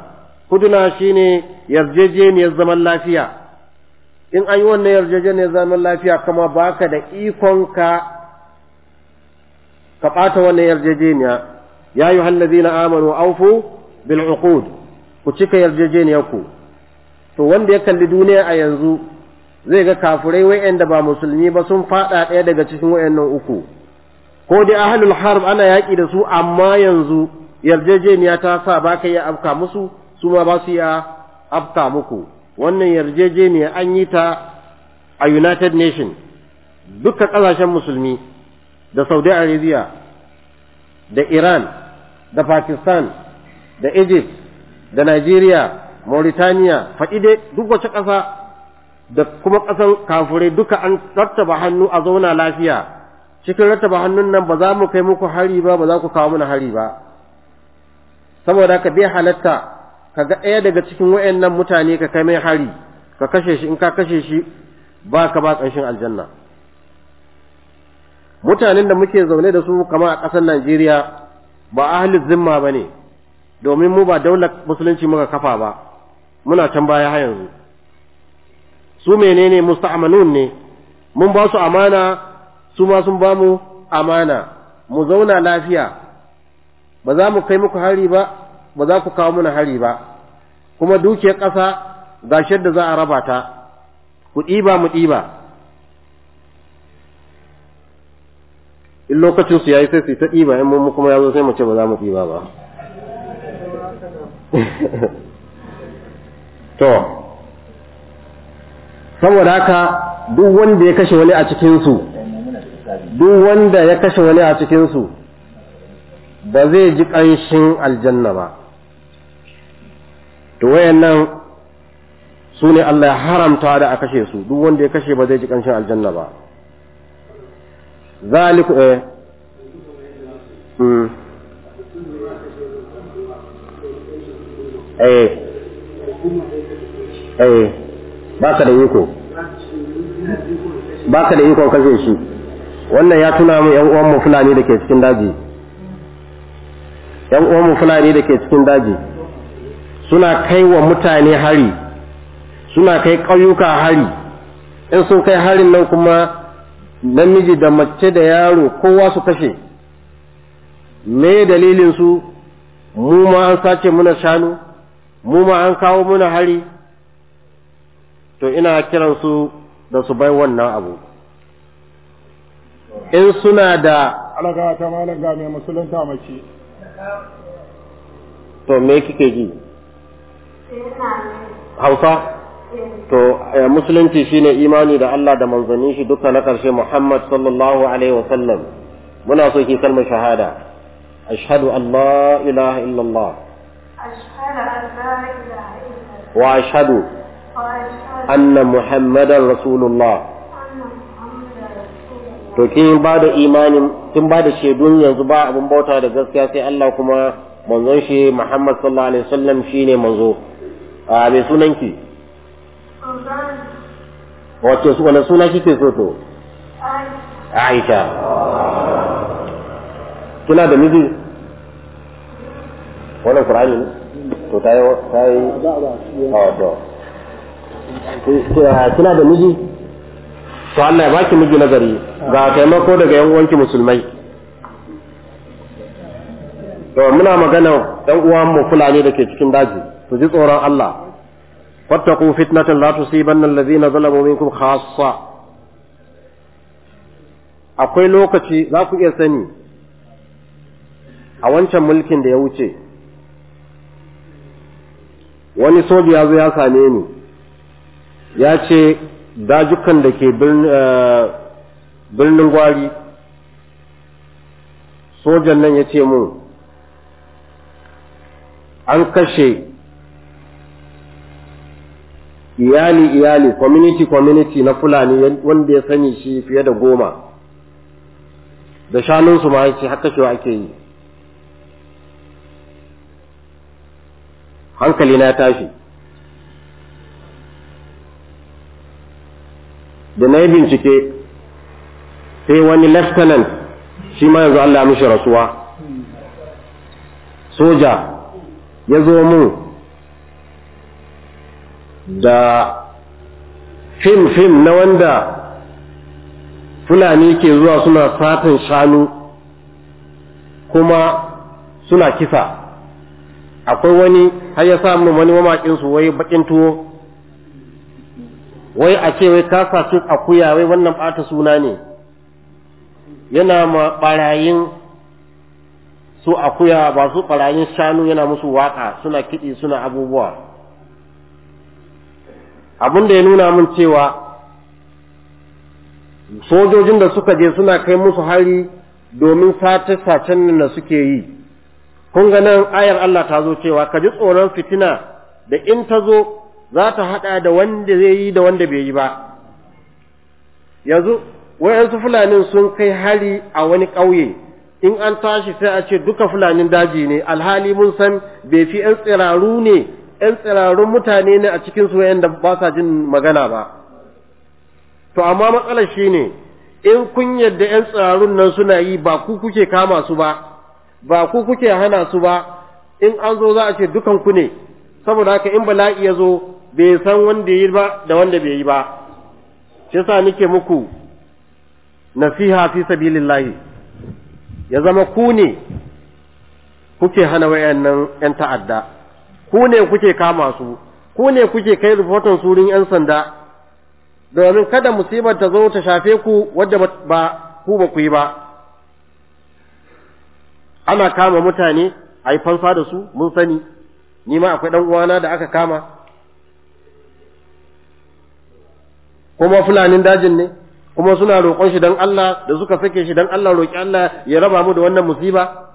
huduna shine yarjejeniyar zaman lafiya in an yi wannan yarjejeniyar zaman lafiya kuma baka da ikon ka ka ɓata wannan yarjejeniya ya yi hallazina amanu aufu bil uqud ku cika yarjejeniyar ku to wanda ya kalli duniya a yanzu zai ga kafurai wayanda ba musulmi ba sun faɗa ɗaya daga cikin wayannan uku ko dai ahlul harb ana yaƙi da su amma yanzu yarjejeniya ta sa ba ka iya afka musu su ma ba su iya afka muku wannan yarjejeniya an yi ta a United Nation duka ƙasashen musulmi da saudi arabia da iran da pakistan da egypt da nigeria mauritania faɗi dai duk wace ƙasa da kuma ƙasan kafurai duka an rattaba hannu a zauna lafiya cikin rattaba hannun nan ba za mu kai muku hari ba ba za ku kawo mana hari ba saboda ka bai halatta ka ga ɗaya daga cikin wayannan mutane ka kai mai hari ka kashe shi in ka kashe shi ba ka ba ƙanshin aljanna mutanen da muke zaune da su kama a ƙasar Najeriya ba ahli zimma ba ne domin mu ba daular musulunci muka kafa ba muna can baya har yanzu su menene musta'manun ne mun ba su amana su ma sun ba mu amana mu zauna lafiya ba za mu kai muku hari ba ba za ku kawo muna hari ba kuma dukiyar ƙasa ga da za a raba ta ku ɗiba mu ɗiba in lokacin su yayi sai su ta ɗiba in mu kuma yazo sai mu ce ba za mu ɗiba ba to saboda haka duk wanda ya kashe wani a cikin su duk wanda ya kashe wani a cikin su ba zai ji ƙanshin aljanna ba to wayannan su ne Allah ya haramta da a kashe su duk wanda ya kashe ba zai ji ƙanshin aljanna ba zaliku eh mm eh eh baka da iko baka da iko kashe shi wannan ya tuna mu yan uwan mu fulani da ke cikin daji yan uwan mu fulani da ke cikin daji suna kai wa mutane hari suna kai ƙauyuka hari in sun kai harin nan kuma namiji da mace da yaro kowa su kashe me dalilin su mu ma an sace muna shanu mu ma an kawo muna hari to ina kiransu su da su bai wannan abu in suna da alaga ta malaga mai musulunta mace to me kike ji hausa to eh, musulunci shine imani da Allah da manzannin shi duka na karshe Muhammad sallallahu alaihi wa sallam muna so ki kalmar shahada ashhadu an la ilaha illallah wa ashhadu anna muhammadan rasulullah to kin ba da imanin kin ba da shaidun yanzu ba abun bauta da gaskiya sai Allah kuma manzon shi Muhammad sallallahu alaihi wasallam shine manzo a ah, sunan ki. wace su wani suna kike so to aisha kina da miji wannan qur'ani ne to ta yi ta yi ah, to kina da miji to Allah ya baki miji nazari ga taimako daga yan uwanki musulmai to muna magana dan uwan mu fulani da ke cikin daji to ji tsoron Allah واتقوا فتنة لا تصيبن الذين ظلموا منكم خاصة akwai lokaci za ku iya sani a wancan mulkin da ya wuce wani soja ya zo ya same ni ya ce dajukan da ke birnin gwari sojan nan ya ce mun an kashe iyali iyali community community na fulani wanda ya sani shi fiye da goma da shanunsu ma ce haka shi ake yi hankali na tashi da na yi bincike sai wani leftanan shi ma yanzu Allah mishi rasuwa soja ya zo mu da fim-fim na wanda fulani ke zuwa suna satin shanu kuma suna kisa akwai wani har ya samu wani mamakinsu wai bakin tuwo wai a ce wai kasa su akuya wai wannan bata suna ne yana ma barayin su akuya ba su barayin shanu yana musu waka suna kiɗi suna abubuwa abin da ya nuna mun cewa sojojin da suka je suna kai musu hari domin sace-sacen nan da suke yi kun ga nan ayar Allah ta zo cewa ka ji tsoron fitina da in ta zo za ta haɗa da wanda zai yi da wanda bai yi ba yanzu wayansu fulanin sun kai hari a wani ƙauye in an tashi sai a ce duka fulanin daji ne alhali mun san bai fi 'yan tsiraru ne ‘yan tsirarun mutane ne a cikin su da ba sa jin magana ba. To, amma matsalar shi ne, in kun yadda ‘yan tsirarun nan suna yi ba ku kuke kama su ba, ba ku kuke hana su ba, in an zo za a ce dukan ku ne, saboda haka in bala'i ya zo bai san wanda yi ba da wanda bai yi ba. Shi yasa nake muku nasiha fi sabilillahi ya zama ku ne kuke hana wayannan ‘yan ta'adda. ku ne kuke kama su ku ne kuke kai rahoton surin yan sanda domin kada musibar ta zo ta shafe ku wadda ba ku ba ku yi ba ana kama mutane a yi fansa da su mun sani ni ma akwai ɗan uwana da aka kama kuma fulanin dajin ne kuma suna roƙon shi don Allah da suka sake shi don Allah roƙi Allah ya raba mu da wannan musiba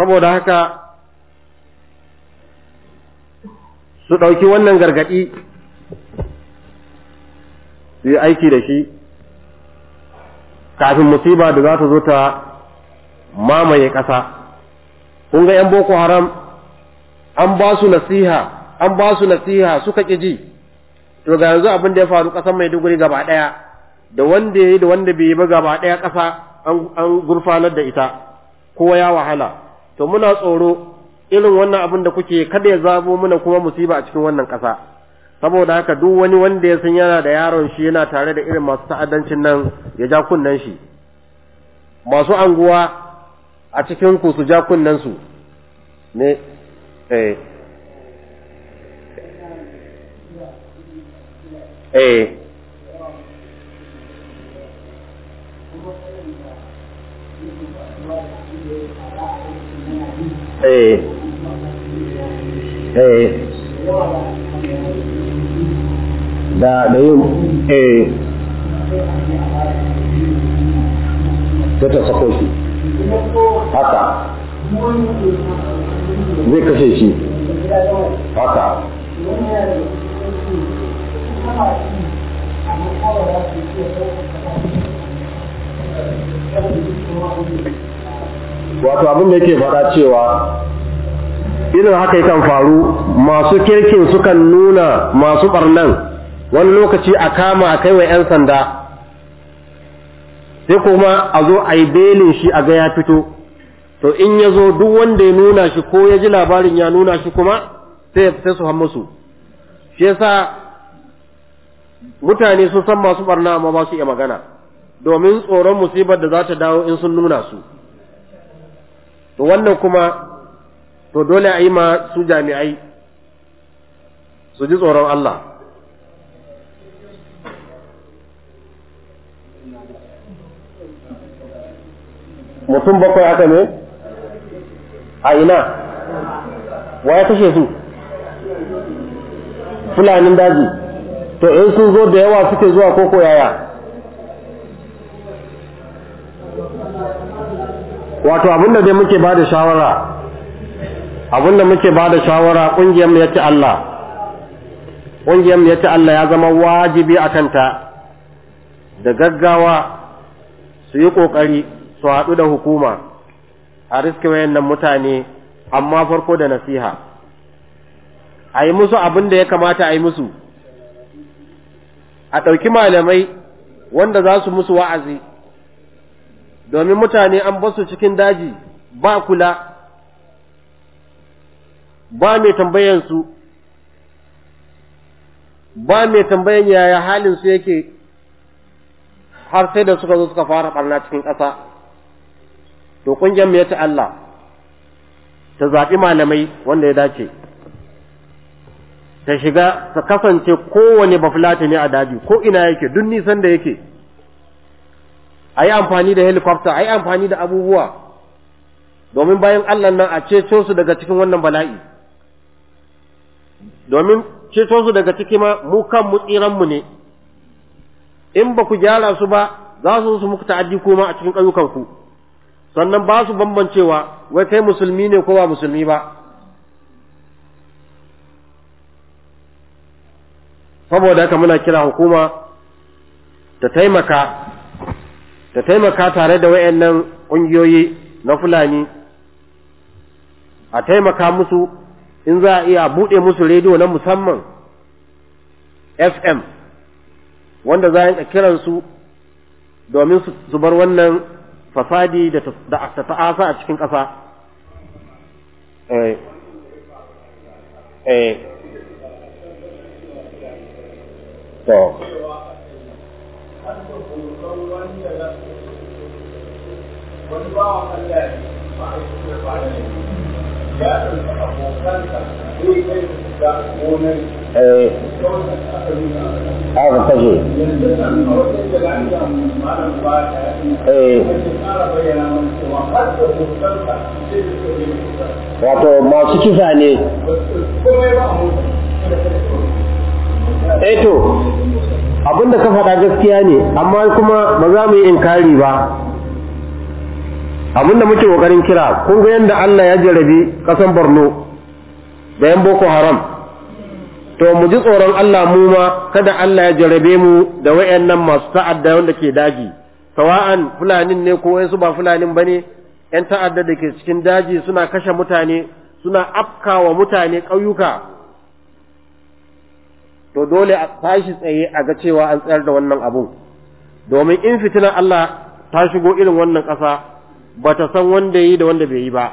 saboda haka su ɗauki wannan gargaɗi su yi aiki da shi kafin musiba da za ta zo ta mamaye ƙasa kun ga 'yan boko haram an ba su nasiha an ba su nasiha suka ƙi ji to ga yanzu abin da ya faru ƙasar maiduguri gaba ɗaya da wanda ya yi da wanda bai yi ba gaba ɗaya ƙasa an gurfanar da ita kowa ya wahala to muna tsoro irin wannan abin da kuke kada ya zabo muna kuma musiba a cikin wannan ƙasa saboda haka duk wani wanda ya san yana da yaron shi yana tare da irin masu ta'addancin nan ya ja kunnen shi masu anguwa a cikin ku su ja kunnen su ne eh eh eh eh da da yin eh ta ta sako shi haka zai kashe shi haka wato abin da yake faɗa cewa irin haka yakan faru masu kirkin sukan nuna masu ɓarnan wani lokaci a kama a kai wa 'yan sanda sai kuma a zo a yi belin shi a ga ya fito to in ya zo duk wanda ya nuna shi ko ya ji labarin ya nuna shi kuma sai ya fita su shi yasa mutane sun san masu ɓarna amma ba su iya magana domin tsoron musibar da za ta dawo in sun nuna su to wannan kuma to dole a yi ma su jami'ai su ji tsoron Allah mutum bakwai aka ne a ina wa ya kashe su fulanin daji to in sun zo da yawa suke zuwa koko yaya wato abinda dai muke bada shawara abinda muke bada shawara kungiyar mu yace Allah kungiyar ya Allah ya zama wajibi a kanta da gaggawa su yi kokari su haɗu da hukuma a riske wayannan mutane amma farko da nasiha a yi musu abin da ya kamata a yi musu a ɗauki malamai wanda za su musu wa'azi domin mutane an basu cikin daji ba kula ba mai tambayansu ba mai tambayan yaya halinsu yake har sai da suka zo suka fara barna cikin ƙasa to ƙungiyar ya ta Allah ta zaɓi malamai wanda ya dace ta shiga ta kasance kowane ne a daji ko ina yake duk nisan da yake a yi amfani da helicopter a yi amfani da abubuwa domin bayan Allah nan a ceto su daga cikin wannan bala'i domin ceto su daga ciki ma mu kan mu tsiranmu ne in ba ku gyara su ba za su su muku ta'addi kuma a cikin ƙauyukanku sannan ba su bambancewa wai kai musulmi ne ko ba musulmi ba saboda haka muna kira hukuma ta taimaka ta taimaka tare da wayannan ƙungiyoyi na fulani a taimaka musu in za a iya buɗe musu rediyo na musamman fm wanda za a su domin su bar wannan fasadi da ta ta'asa a cikin ƙasa eh. Eh. to wani ne ba a yi kashe wato masu kisa eto eh, abinda ka faɗa gaskiya ne amma kuma ba za mu yi inkari ba abin da muke kokarin kira kun ga yadda Allah ya jarabi kasan Borno da yan Boko Haram to mu ji tsoron Allah mu ma kada Allah ya jarabe mu da wayannan masu ta'adda wanda ke daji sawa'an fulanin ne ko wayansu ba fulanin bane yan ta'adda da ke cikin daji suna kashe mutane suna afkawa mutane ƙauyuka to dole a tashi tsaye a ga cewa an tsayar da wannan abun domin in fitina Allah ta shigo irin wannan ƙasa bata san wanda yi da wanda bai yi ba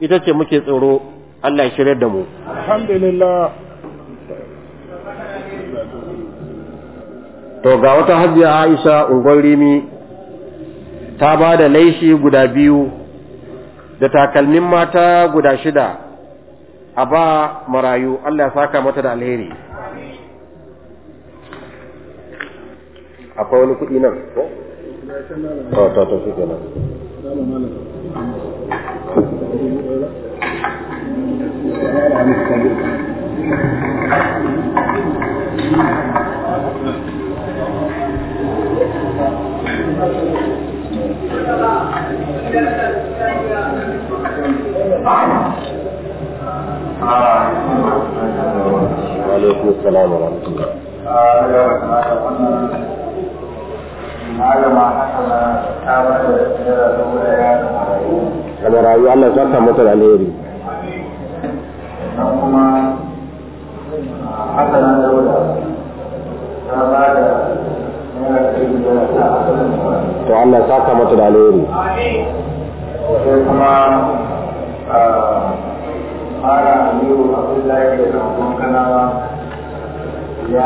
ita ce muke tsoro Allah ya shiryar da mu alhamdulillah to ga wata hajiya Aisha ungon rimi ta ba da laishi guda biyu da takalmin mata guda shida a ba marayu Allah ya saka mata da alheri akwai wani kuɗi nan ko? ta ta su kenan alaikum salam wa da rayu Allah saka mata da alheri kuma haka nan ta ba da to Allah saka mata da alheri sai kuma ah, mara aliyu abdullahi da kanawa Ya,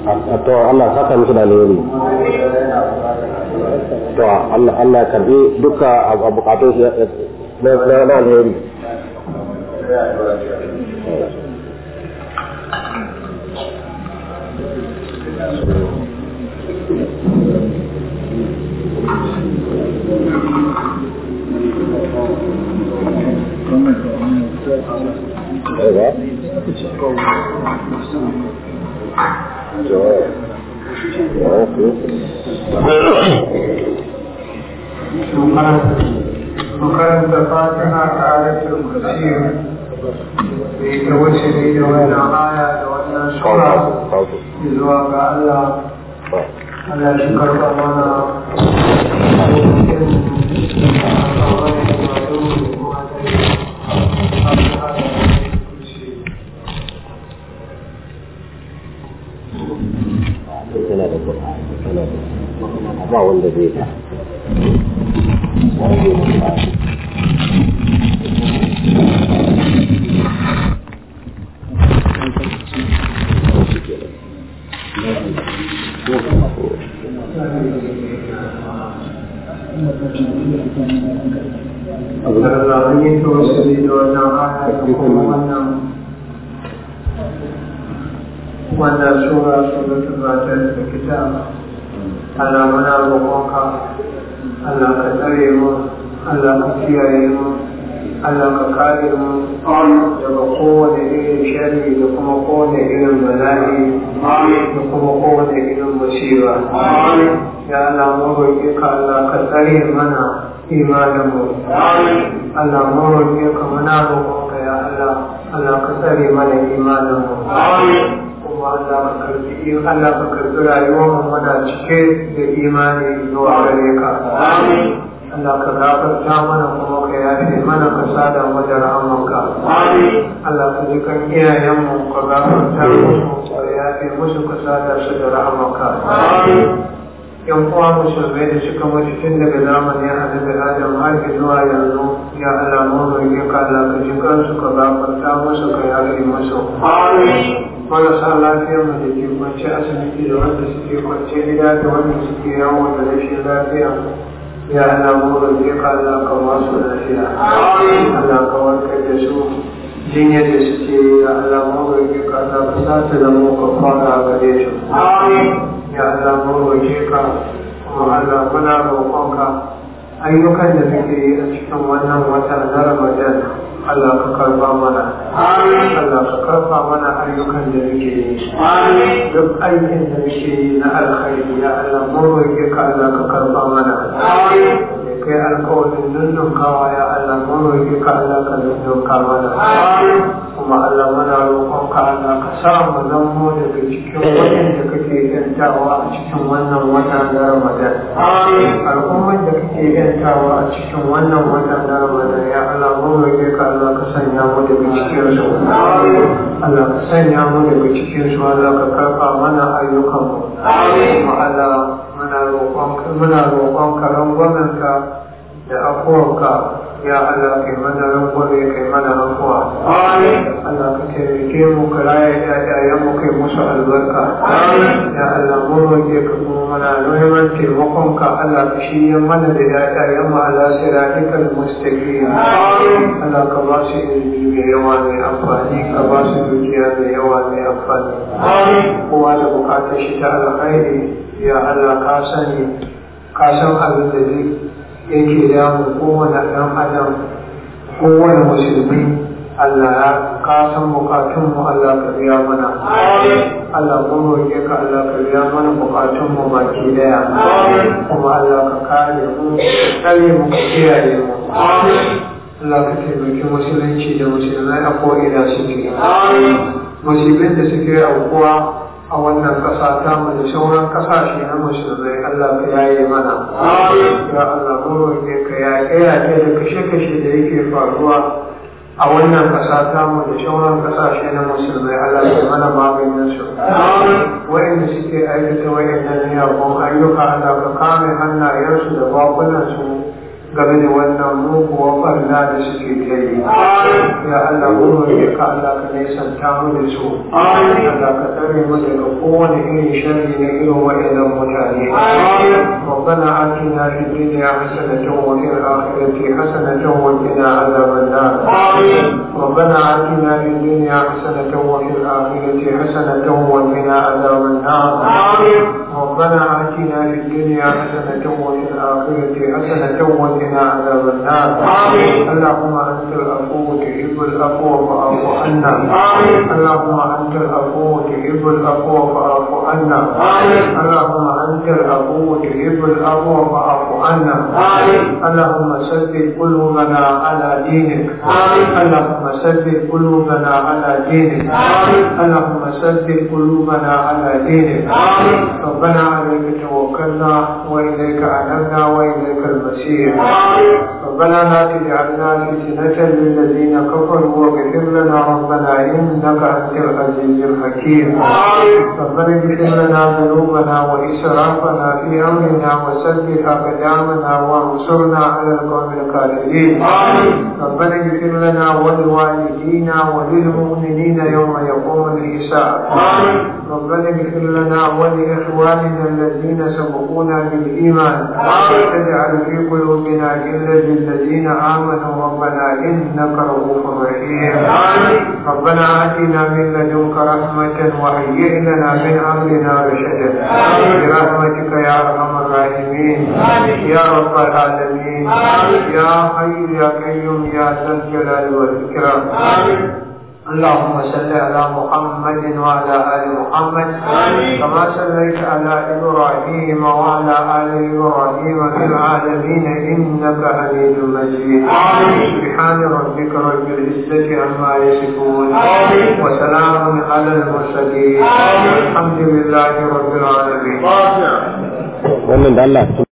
Atau to Allah saka musu da alheri to Allah Allah karbi duka bukatun shi na na alheri Thank you. ايوه جواب وكانت فاطمة قالت الكثير في توجهي وإلى غاية وإلى شكرا إذ وقع الله ألا شكرت وأنا tana da ba wanda zai ta wanda zai ta gabatar da kita Allah muna roƙonka Allah ka tsare mu Allah ka kiyaye mu Allah ka kare mu daga kowane irin sharri da kuma kowane irin bala'i da kuma kowane irin musiba ya Allah mu roƙe ka Allah ka tsare mana imanin mu Allah mu roƙe ka muna roƙonka ya Allah Allah ka tsare mana imanin mu kuma Allah ka karbi in Allah ka karbi rayuwar mu cike da imani zuwa gare ka Allah ka gafarta mana kuma ka yafe mana ka sada mu da rahamanka. Allah ka ji kan iyayenmu ka gafarta musu ka yafe musu ka sada su da rahamanka. Yan uwa musulmai da suka mutu tun daga zamanin da Adam har zuwa yanzu ya Allah mu roƙe ka Allah ka ji kansu ka gafarta musu ka yafe musu. Amin. marasa lafiyar mu da ke kwance asibiti da wanda suke kwance gida da wanda suke yawo da rashin lafiya ya Allah mu ka Allah ka ba su lafiya Allah ka warkar da su jinyar da suke yi a Allah mu roƙe ka ta zama ka fara gare su ya Allah mu roƙe ka kuma Allah muna roƙonka ayyukan da muke yi a cikin wannan wata na Ramadan Allah ka karba mana Allah ka karba mana ayyukan da muke yi duk aikin da muke yi na alkhairi ya Allah mu roƙe ka Allah ka karba mana kai alkawarin dundun kawa ya Allah mu roƙe ka Allah ka dundun kawa mana kuma Allah muna roƙonka Allah ka sa mu zamo daga cikin wannan da kake yantawa a cikin wannan wata na Ramadan. Al'ummar da kake yantawa a cikin wannan wata na Ramadan ya Allah mun roƙe ka Allah ka sanya mu daga cikin su. Allah ka sanya mu daga cikin su Allah ka karfa mana ayyukan mu. Kuma Allah muna roƙonka muna roƙonka rangwamen da afuwanka ya Allah kai mana rangwame kai mana Amin. Allah ka taimake mu ka raya ƴaƴayen mu kai musu albarka ya Allah mu roƙe ka mu mana muhimman taimakon ka Allah ka shirya mana da ƴaƴayen mu ala siratikal mustaqim Allah ka ba su ilimi mai yawa mai amfani ka ba su dukiya mai yawa mai amfani kowa da bukatar shi ta alkhairi ya Allah ka sani ka san abin da zai yake damu kowane ɗan adam kowane musulmi Allah ka san bukatun mu Allah ka biya mana Allah mun roƙe ka Allah ka biya mana bukatun mu baki daya kuma Allah ka kare mu kare mu ka kiyaye mu Allah ka taimaki musulunci da musulmai a ko'ina su suke musulmin da suke aukuwa a wannan ƙasa ta mu da sauran ƙasashe na musulmai Allah ka yaye mana ya Allah mu ne ka yaƙe yaƙe da kashe kashe da yake faruwa a wannan ƙasa ta mu da sauran ƙasashe na musulmai Allah ka mana maganin su wa'inda suke aikata wa'innan yawon ayyuka Allah ka kame hannayensu da bakunan su game da wannan muguwar barna da suke ta yi ya Allah mu ne ka Allah ka nesanta mu da su Allah ka tsare mu daga kowane irin sharri na irin waɗannan mutane ربنا آتنا في الدنيا حسنة وفي الآخرة حسنة وقنا عذاب النار ربنا آتنا في الدنيا حسنة وفي الآخرة حسنة وقنا عذاب النار ربنا آتنا في الدنيا حسنة وفي الآخرة حسنة وقنا عذاب النار اللهم أنت العفو تحب العفو فاعف عنا اللهم أنت العفو تحب العفو فاعف عنا اللهم أنت العفو تحب العفو فاعف عنا اللهم سدد قلوبنا على دينك اللهم سدد قلوبنا على دينك اللهم سدد قلوبنا على دينك ربنا ربنا عليك توكلنا وإليك أنبنا وإليك المسير ربنا لا تجعلنا فتنة للذين كفروا واغفر لنا ربنا إنك أنت العزيز الحكيم ربنا اغفر لنا ذنوبنا وإسرافنا في أمرنا وثبت أقدامنا وانصرنا على القوم الكافرين ربنا اغفر لنا ولوالدينا وللمؤمنين يوم يقوم الحساب ربنا اغفر لنا ولإخواننا الذين سبقونا بالإيمان ولا في قلوبنا إلا الذين آمنوا ربنا إنك رؤوف رحيم ربنا آتنا من لدنك رحمة وهيئ لنا من أمرنا رشدا برحمتك يا أرحم الراحمين يا رب العالمين يا حي يا قيوم يا ذا الجلال والإكرام اللهم صل على محمد وعلى ال محمد كما صليت على ابراهيم وعلى ال ابراهيم في العالمين انك حميد مجيد سبحان ربك رب العزه عما يصفون وسلام على المرسلين الحمد لله رب العالمين